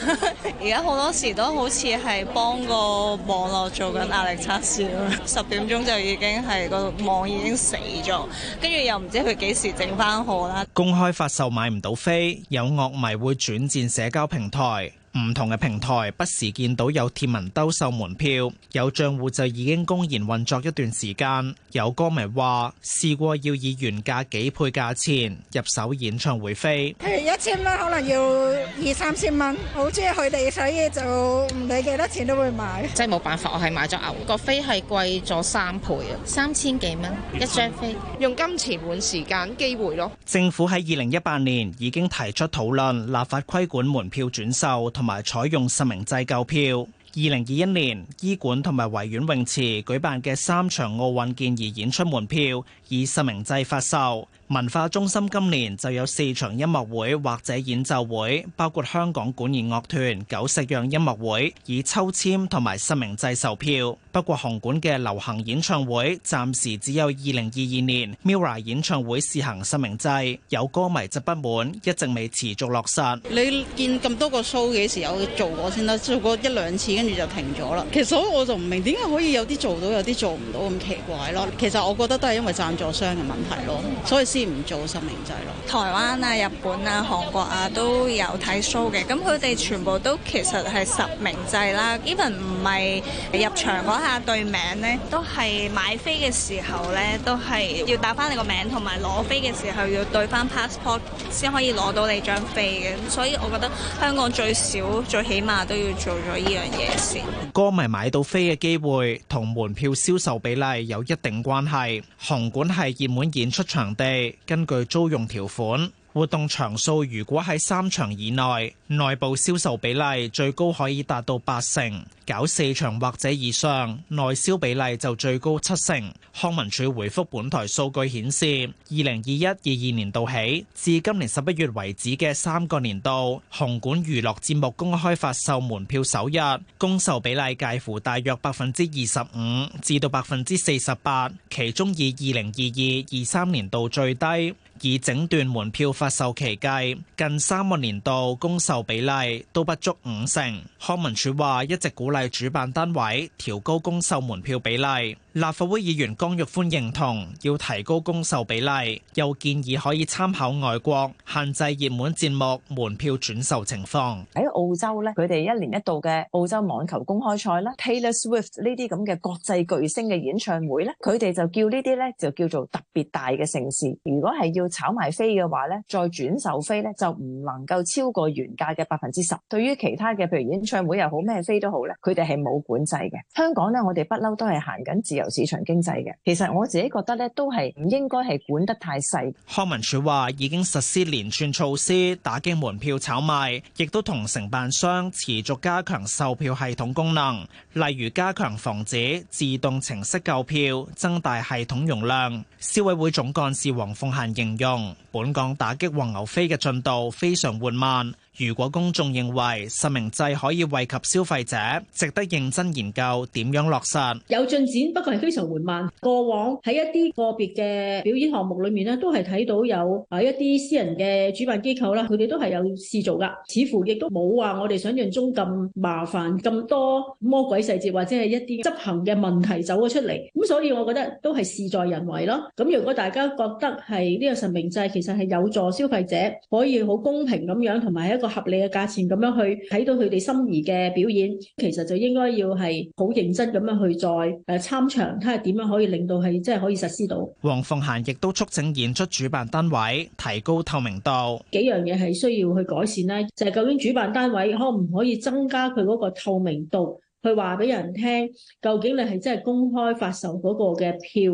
而家好多時都好似係幫個網絡做緊壓力測試咯。 十點鐘就已經係個網已經死咗，跟住又唔知佢幾時整翻好啦。公開發售買唔到飛，有樂迷會轉戰社交平台。唔同嘅平台，不時見到有貼文兜售門票，有賬戶就已經公然運作一段時間。有歌迷話試過要以原價幾倍價錢入手演唱會飛，譬如一千蚊可能要二三千蚊，好中意佢哋，所以就唔理幾多錢都會買。真係冇辦法，我係買咗牛角飛係貴咗三倍啊，三千幾蚊一張飛，用金錢換時間機會咯。政府喺二零一八年已經提出討論立法規管門票轉售。同埋採用實名制購票。二零二一年，伊館同埋維園泳池舉辦嘅三場奧運健兒演出門票。以實名制發售，文化中心今年就有四場音樂會或者演奏會，包括香港管弦樂團九十樣音樂會，以抽簽同埋實名制售票。不過紅館嘅流行演唱會暫時只有二零二二年 Mira 演唱會試行實名制，有歌迷就不滿，一直未持續落實。你見咁多個 show 幾時有做過先得、啊？做過一兩次跟住就停咗啦。其實我就唔明點解可以有啲做到，有啲做唔到咁奇怪咯、啊。其實我覺得都係因為暫。座商嘅問題咯，所以先唔做實名制咯。台灣啊、日本啊、韓國啊都有睇 show 嘅，咁佢哋全部都其實係實名制啦。Even 唔係入場嗰下對名呢，都係買飛嘅時候呢，都係要打翻你個名，同埋攞飛嘅時候要對翻 passport 先可以攞到你張飛嘅。所以我覺得香港最少最起碼都要做咗呢樣嘢先。歌迷買到飛嘅機會同門票銷售比例有一定關係，紅館，係熱門演出場地，根據租用條款。活動場數如果喺三場以內，內部銷售比例最高可以達到八成；搞四場或者以上，內銷比例就最高七成。康文署回覆本台，數據顯示，二零二一、二二年度起至今年十一月為止嘅三個年度，紅館娛樂節目公開發售門票首日公售比例介乎大約百分之二十五至到百分之四十八，其中以二零二二、二三年度最低。以整段門票發售期計，近三個年度公售比例都不足五成。康文署話一直鼓勵主辦單位調高公售門票比例。立法會議員江玉歡認同要提高公售比例，又建議可以參考外國限制熱門節目門票轉售情況。喺澳洲咧，佢哋一年一度嘅澳洲網球公開賽啦，Taylor Swift 呢啲咁嘅國際巨星嘅演唱會咧，佢哋就叫呢啲咧就叫做特別大嘅盛事。如果係要炒埋飛嘅話咧，再轉售飛咧就唔能夠超過原價嘅百分之十。對於其他嘅譬如演唱會又好咩飛都好咧，佢哋係冇管制嘅。香港咧，我哋不嬲都係行緊自由。由市場經濟嘅，其實我自己覺得咧，都係唔應該係管得太細。康文署話已經實施連串措施，打擊門票炒賣，亦都同承辦商持續加強售票系統功能，例如加強防止自動程式購票，增大系統容量。消委會總幹事黃鳳嫻形容，本港打擊黃牛飛嘅進度非常緩慢。如果公眾認為實名制可以惠及消費者，值得認真研究點樣落實。有進展，不過係非常緩慢。過往喺一啲個別嘅表演項目裏面呢，都係睇到有啊一啲私人嘅主辦機構啦，佢哋都係有試做噶。似乎亦都冇話我哋想象中咁麻煩，咁多魔鬼細節或者係一啲執行嘅問題走咗出嚟。咁所以我覺得都係事在人為咯。咁如果大家覺得係呢個實名制其實係有助消費者可以好公平咁樣，同埋一一個合理嘅價錢咁樣去睇到佢哋心儀嘅表演，其實就應該要係好認真咁樣去再誒參詳，睇下點樣可以令到係即係可以實施到。黃鳳嫻亦都促請演出主辦單位提高透明度，幾樣嘢係需要去改善咧，就係、是、究竟主辦單位可唔可以增加佢嗰個透明度，去話俾人聽究竟你係即係公開發售嗰個嘅票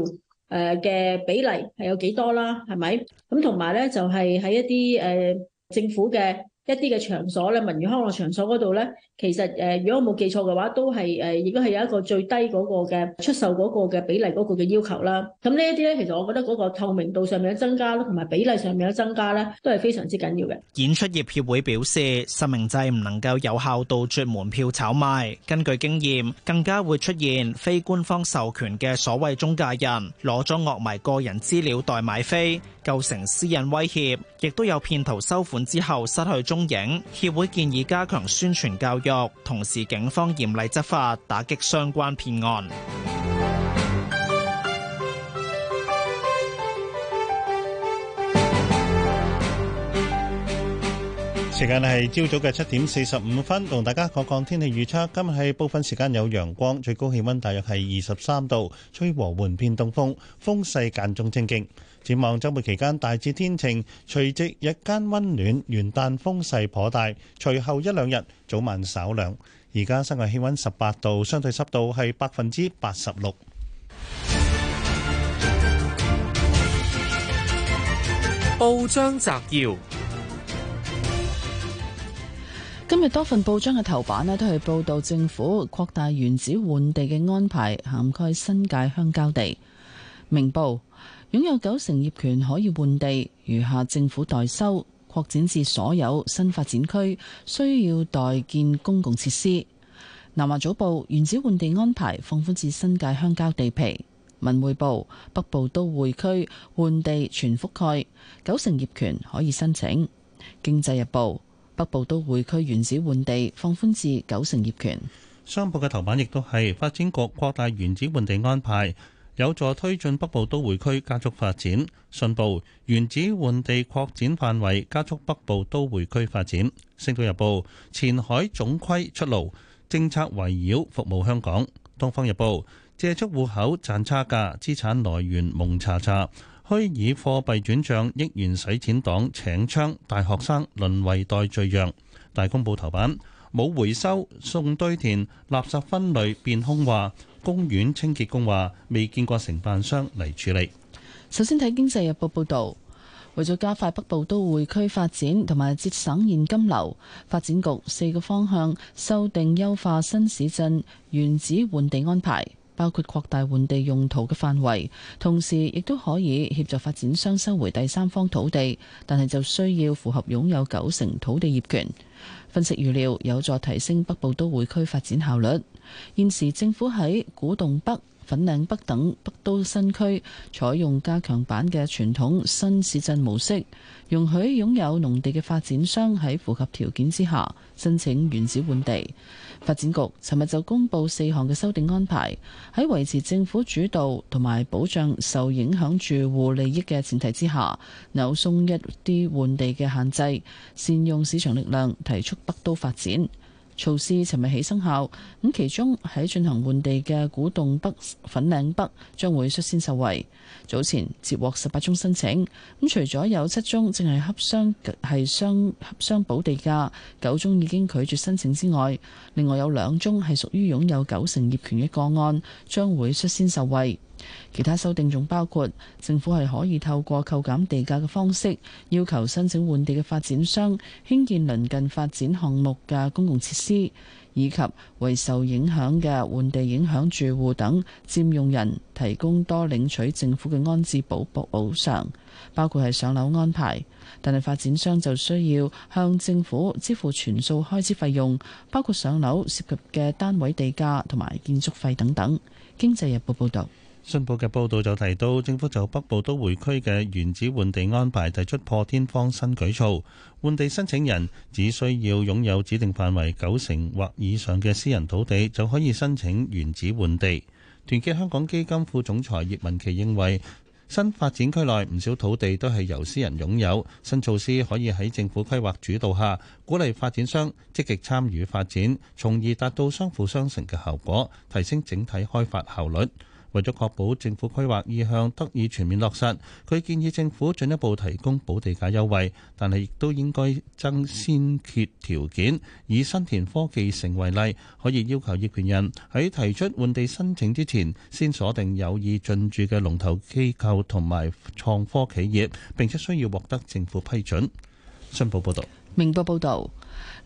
誒嘅比例係有幾多啦？係咪咁同埋咧就係喺一啲誒、呃、政府嘅。一啲嘅場所咧，文娛康樂場所嗰度咧。其實誒，如果我冇記錯嘅話，都係誒，亦都係有一個最低嗰個嘅出售嗰個嘅比例嗰個嘅要求啦。咁呢一啲咧，其實我覺得嗰個透明度上面嘅增加啦，同埋比例上面嘅增加咧，都係非常之緊要嘅。演出業協會表示，實名制唔能夠有效杜絕門票炒賣，根據經驗，更加會出現非官方授權嘅所謂中介人攞咗樂迷個人資料代買飛，構成私隱威脅，亦都有騙徒收款之後失去蹤影。協會建議加強宣傳教育。同時，警方嚴厲執法，打擊相關騙案。時間係朝早嘅七點四十五分，同大家講講天氣預測。今日係部分時間有陽光，最高氣溫大約係二十三度，吹和緩偏東風，風勢間中清勁。展望週末期間大致天晴，除夕日間温暖，元旦風勢頗大，隨後一兩日早晚稍涼。而家室外氣温十八度，相對濕度係百分之八十六。報章摘要：今日多份報章嘅頭版咧，都係報導政府擴大原址換地嘅安排，涵蓋新界鄉郊地。明報。擁有九成業權可以換地，餘下政府代收，擴展至所有新發展區需要代建公共設施。南華早報，原址換地安排放寬至新界鄉郊地皮。文匯報，北部都會區換地全覆蓋，九成業權可以申請。經濟日報，北部都會區原址換地放寬至九成業權。商報嘅頭版亦都係發展局擴大原址換地安排。有助推進北部都會區加速發展。信報，原址換地擴展範圍，加速北部都會區發展。星島日報，前海總規出爐，政策圍繞服務香港。東方日報，借出戶口賺差價，資產來源蒙查查。虛擬貨幣轉賬億元洗錢黨請槍，大學生淪為代罪羊。大公報頭版冇回收送堆填，垃圾分類變空話。公園清潔工話：未見過承辦商嚟處理。首先睇《經濟日報》報導，為咗加快北部都會區發展同埋節省現金流，發展局四個方向修訂優化新市鎮原址換地安排，包括擴大換地用途嘅範圍，同時亦都可以協助發展商收回第三方土地，但係就需要符合擁有九成土地業權。分析預料有助提升北部都會區發展效率。現時政府喺古洞北、粉嶺北等北都新區採用加強版嘅傳統新市鎮模式，容許擁有農地嘅發展商喺符合條件之下申請原址換地。發展局尋日就公布四項嘅修訂安排，喺維持政府主導同埋保障受影響住戶利益嘅前提之下，扭鬆一啲換地嘅限制，善用市場力量提速北都發展。措施尋日起生效，咁其中喺進行換地嘅古洞北、粉嶺北將會率先受惠。早前接獲十八宗申請，咁除咗有七宗淨係洽商係商洽商補地價，九宗已經拒絕申請之外，另外有兩宗係屬於擁有九成業權嘅個案，將會率先受惠。其他修訂仲包括政府係可以透過扣減地價嘅方式，要求申請換地嘅發展商興建鄰近發展項目嘅公共設施，以及為受影響嘅換地影響住戶等佔用人提供多領取政府嘅安置補補補償，包括係上樓安排。但係發展商就需要向政府支付全數開支費用，包括上樓涉及嘅單位地價同埋建築費等等。經濟日報報導。信報嘅報道就提到，政府就北部都會區嘅原址換地安排提出破天荒新舉措，換地申請人只需要擁有指定範圍九成或以上嘅私人土地就可以申請原址換地。團結香港基金副總裁葉文琪認為，新發展區內唔少土地都係由私人擁有，新措施可以喺政府規劃主導下，鼓勵發展商積極參與發展，從而達到相輔相成嘅效果，提升整體開發效率。為咗確保政府規劃意向得以全面落實，佢建議政府進一步提供補地價優惠，但係亦都應該增先決條件。以新田科技城為例，可以要求業權人喺提出換地申請之前，先鎖定有意進駐嘅龍頭機構同埋創科企業，並且需要獲得政府批准。新報報道。明報報導。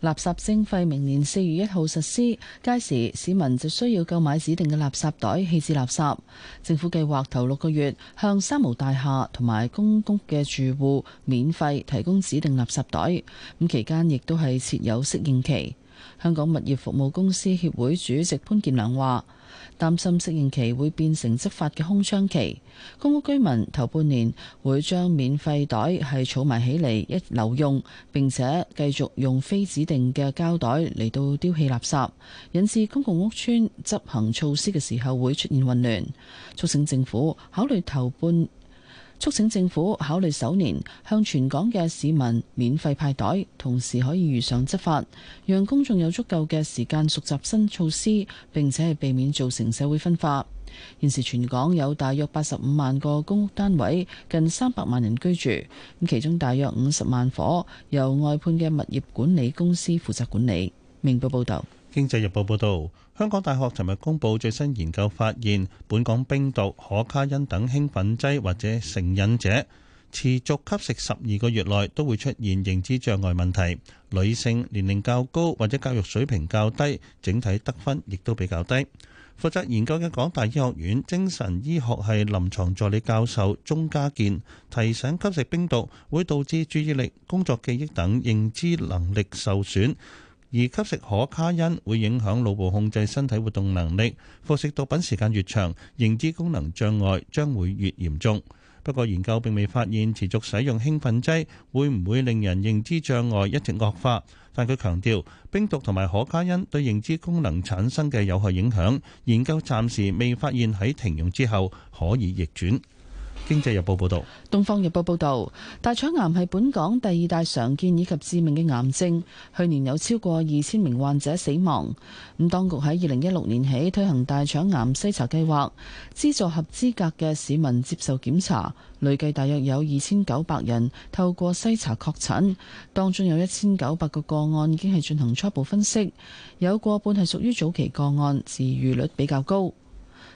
垃圾徵費明年四月一號實施，屆時市民就需要購買指定嘅垃圾袋棄置垃圾。政府計劃頭六個月向三無大廈同埋公屋嘅住戶免費提供指定垃圾袋，咁期間亦都係設有適應期。香港物業服務公司協會主席潘建良話。擔心適應期會變成執法嘅空窗期，公屋居民頭半年會將免費袋係儲埋起嚟一留用，並且繼續用非指定嘅膠袋嚟到丟棄垃，垃圾，引致公共屋邨執行措施嘅時候會出現混亂，促醒政府考慮頭半。促請政府考慮首年向全港嘅市民免費派袋，同時可以如常執法，讓公眾有足夠嘅時間熟習新措施，並且避免造成社會分化。現時全港有大約八十五萬個公屋單位，近三百萬人居住，咁其中大約五十萬伙由外判嘅物業管理公司負責管理。明報報道。經濟日報報導，香港大學尋日公布最新研究發現，本港冰毒、可卡因等興奮劑或者成癮者，持續吸食十二個月內都會出現認知障礙問題。女性、年齡較高或者教育水平較低，整體得分亦都比較低。負責研究嘅港大醫學院精神醫學系臨床助理教授鍾家健提醒，吸食冰毒會導致注意力、工作記憶等認知能力受損。而吸食可卡因會影響腦部控制身體活動能力，服食毒品時間越長，認知功能障礙將會越嚴重。不過研究並未發現持續使用興奮劑會唔會令人認知障礙一直惡化，但佢強調冰毒同埋可卡因對認知功能產生嘅有害影響，研究暫時未發現喺停用之後可以逆轉。經濟日報報道，東方日報報道，大腸癌係本港第二大常見以及致命嘅癌症，去年有超過二千名患者死亡。咁當局喺二零一六年起推行大腸癌篩查計劃，資助合資格嘅市民接受檢查，累計大約有二千九百人透過篩查確診，當中有一千九百個個案已經係進行初步分析，有過半係屬於早期個案，治癒率比較高。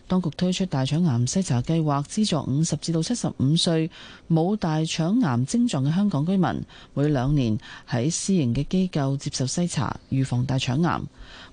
當局推出大腸癌篩查計劃，資助五十至到七十五歲冇大腸癌症狀嘅香港居民，每兩年喺私營嘅機構接受篩查，預防大腸癌。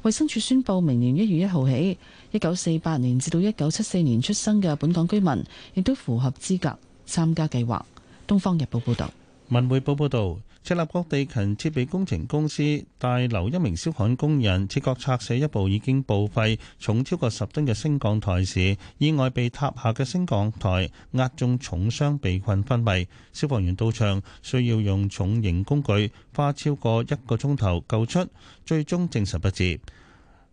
衛生署宣布，明年一月一號起，一九四八年至到一九七四年出生嘅本港居民亦都符合資格參加計劃。《東方日報》報道。《文匯報》報道。赤鱲角地勤設備工程公司大樓一名消防工人切割拆卸一部已經報廢、重超過十噸嘅升降台時，意外被塌下嘅升降台壓中，重傷被困昏迷。消防員到場需要用重型工具，花超過一個鐘頭救出，最終證實不治。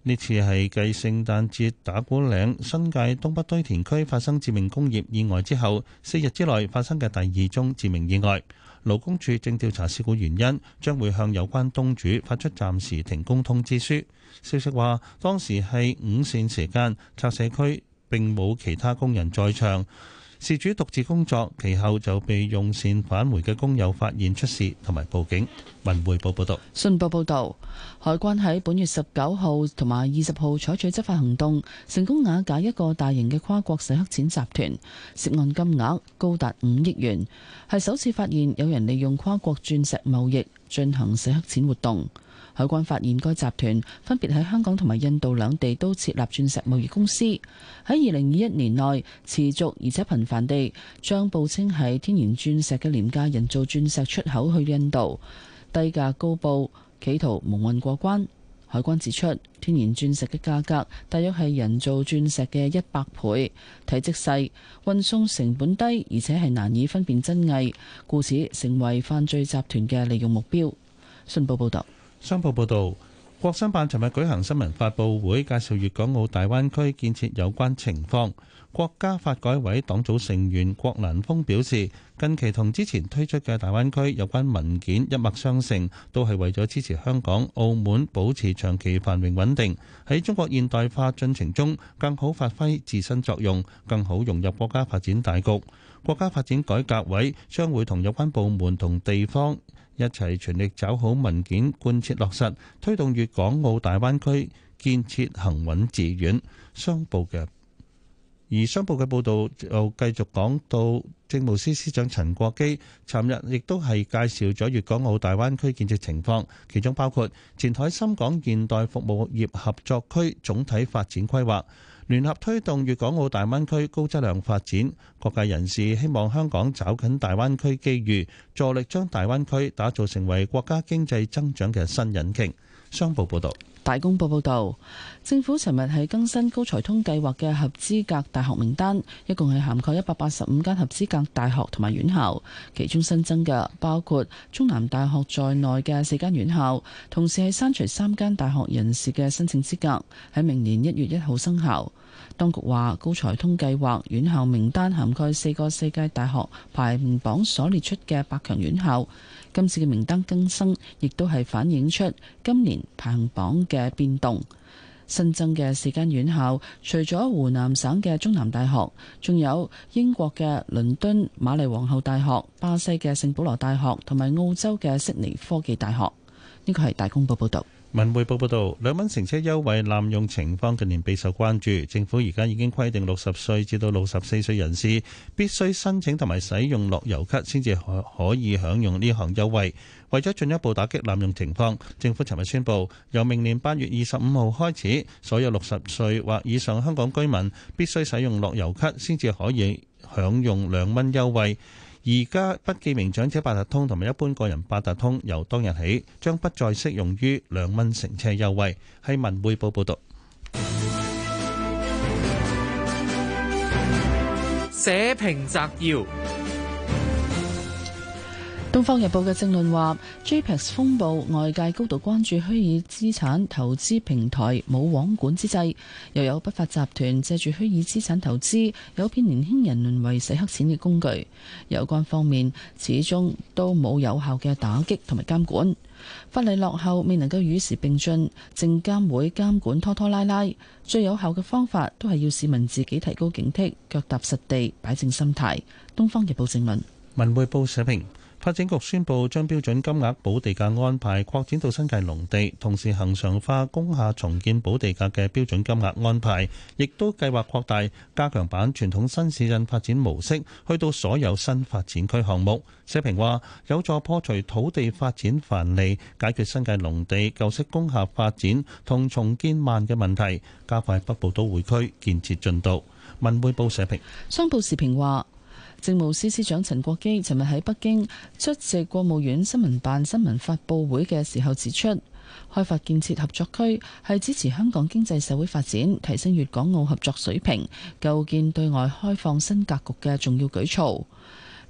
呢次係繼聖誕節打鼓嶺新界東北堆填區發生致命工業意外之後，四日之內發生嘅第二宗致命意外。勞工處正調查事故原因，將會向有關東主發出暫時停工通知書。消息話，當時係午膳時間，拆卸區並冇其他工人在場。事主獨自工作，其後就被用膳返回嘅工友發現出事，同埋報警。文匯報報道：「信報報道，海關喺本月十九號同埋二十號採取執法行動，成功瓦解一個大型嘅跨國洗黑錢集團，涉案金額高達五億元，係首次發現有人利用跨國鑽石貿易進行洗黑錢活動。海關發現該集團分別喺香港同埋印度兩地都設立鑽石貿易公司，喺二零二一年內持續而且頻繁地將報稱係天然鑽石嘅廉價人造鑽石出口去印度，低價高報，企圖蒙混過關。海關指出，天然鑽石嘅價格大約係人造鑽石嘅一百倍，體積細，運送成本低，而且係難以分辨真偽，故此成為犯罪集團嘅利用目標。信報報道。商報報導，國新辦尋日舉行新聞發佈會，介紹粵港澳大灣區建設有關情況。國家發改委黨組成員郭蘭峰表示，近期同之前推出嘅大灣區有關文件一脈相承，都係為咗支持香港、澳門保持長期繁榮穩定，喺中國現代化進程中更好發揮自身作用，更好融入國家發展大局。國家發展改革委將會同有關部門同地方，一齊全力抓好文件貫徹落實，推動粵港澳大灣區建設行穩致遠。商報嘅而商報嘅報導就繼續講到，政務司司長陳國基尋日亦都係介紹咗粵港澳大灣區建設情況，其中包括前海深港現代服務業合作區總體發展規劃。聯合推動粵港澳大灣區高質量發展，各界人士希望香港找緊大灣區機遇，助力將大灣區打造成為國家經濟增長嘅新引擎。商報報道，大公報報道，政府尋日喺更新高才通計劃嘅合資格大學名單，一共係涵蓋一百八十五間合資格大學同埋院校，其中新增嘅包括中南大學在內嘅四間院校，同時係刪除三間大學人士嘅申請資格，喺明年一月一號生效。當局話，高才通計劃院校名單涵蓋四個世界大學排行榜所列出嘅百強院校。今次嘅名單更新，亦都係反映出今年排行榜嘅變動。新增嘅四間院校，除咗湖南省嘅中南大學，仲有英國嘅倫敦瑪麗皇后大學、巴西嘅聖保羅大學同埋澳洲嘅悉尼科技大學。呢個係大公報報導。文匯報報道，兩蚊乘車優惠濫用情況近年備受關注。政府而家已經規定，六十歲至到六十四歲人士必須申請同埋使用樂悠卡，先至可可以享用呢項優惠。為咗進一步打擊濫用情況，政府尋日宣布，由明年八月二十五號開始，所有六十歲或以上香港居民必須使用樂悠卡，先至可以享用兩蚊優惠。而家不記名長者八達通同埋一般個人八達通，由當日起將不再適用於兩蚊乘車優惠。係文匯報報讀。社評摘要。《東方日報》嘅政論話：JPEX 風暴，外界高度關注虛擬資產投資平台冇網管之際，又有不法集團借住虛擬資產投資，有騙年輕人淪為洗黑錢嘅工具。有關方面始終都冇有，有效嘅打擊同埋監管，法例落後，未能夠與時並進。證監會監管拖拖拉拉，最有效嘅方法都係要市民自己提高警惕，腳踏實地，擺正心態。《東方日報》政論，《文匯報》社評。發展局宣布將標準金額補地價安排擴展到新界農地，同時恒常化工廈重建補地價嘅標準金額安排，亦都計劃擴大加強版傳統新市鎮發展模式，去到所有新發展區項目。社評話有助破除土地發展繁利，解決新界農地舊式工廈發展同重建慢嘅問題，加快北部都會區建設進度。文匯報社評，商報時評話。政務司司長陳國基尋日喺北京出席國務院新聞辦新聞發布會嘅時候指出，開發建設合作區係支持香港經濟社會發展、提升粵港澳合作水平、構建對外開放新格局嘅重要舉措。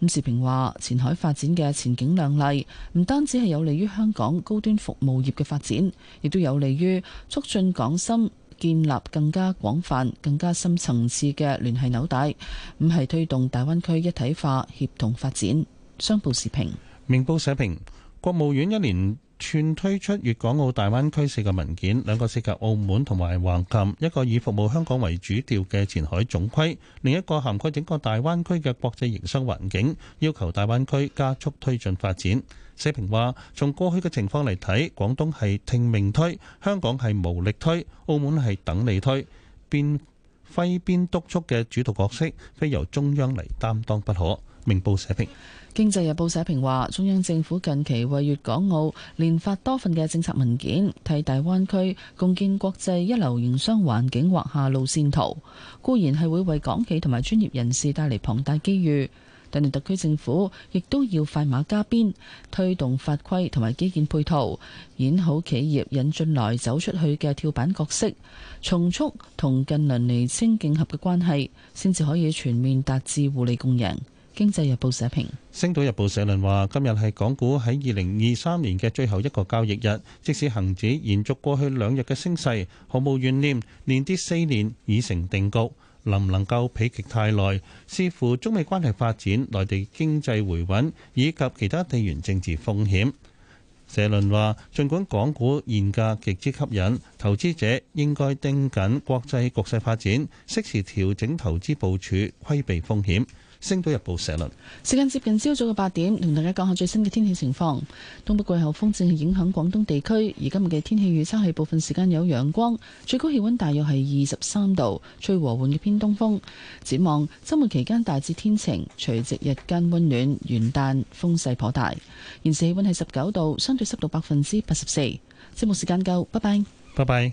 伍志平話，前海發展嘅前景亮麗，唔單止係有利於香港高端服務業嘅發展，亦都有利於促進港深。建立更加廣泛、更加深層次嘅聯繫紐帶，五係推動大灣區一體化協同發展。商報時評，明報社評，國務院一連串推出粵港澳大灣區四個文件，兩個涉及澳門同埋橫琴，一個以服務香港為主調嘅前海總規，另一個涵蓋整個大灣區嘅國際營商環境，要求大灣區加速推進發展。社評話：從過去嘅情況嚟睇，廣東係聽命推，香港係無力推，澳門係等你推，邊揮邊督促嘅主導角色，非由中央嚟擔當不可。明報社評，《經濟日報》社評話：中央政府近期為粵港澳連發多份嘅政策文件，替大灣區共建國際一流營商環境畫下路線圖，固然係會為港企同埋專業人士帶嚟龐大機遇。但係特區政府亦都要快馬加鞭推動法規同埋基建配套，演好企業引進來走出去嘅跳板角色，重促同近鄰釐清競合嘅關係，先至可以全面達至互利共贏。經濟日報社評，星島日報社論話：今日係港股喺二零二三年嘅最後一個交易日，即使恆指延續過去兩日嘅升勢，毫無懸念，連跌四年已成定局。能唔能夠避極太耐，視乎中美關係發展、內地經濟回穩以及其他地緣政治風險，社論話盡管港股現價極之吸引，投資者應該盯緊國際局勢發展，適時調整投資部署規避風險。星島日報社論，時間接近朝早嘅八點，同大家講下最新嘅天氣情況。東北季候風正係影響廣東地區，而今日嘅天氣預測係部分時間有陽光，最高氣溫大約係二十三度，吹和緩嘅偏東風。展望周末期間大致天晴，除夕日間溫暖。元旦風勢頗大，現時氣溫係十九度，相對濕度百分之八十四。節目時間夠，拜拜、拜拜。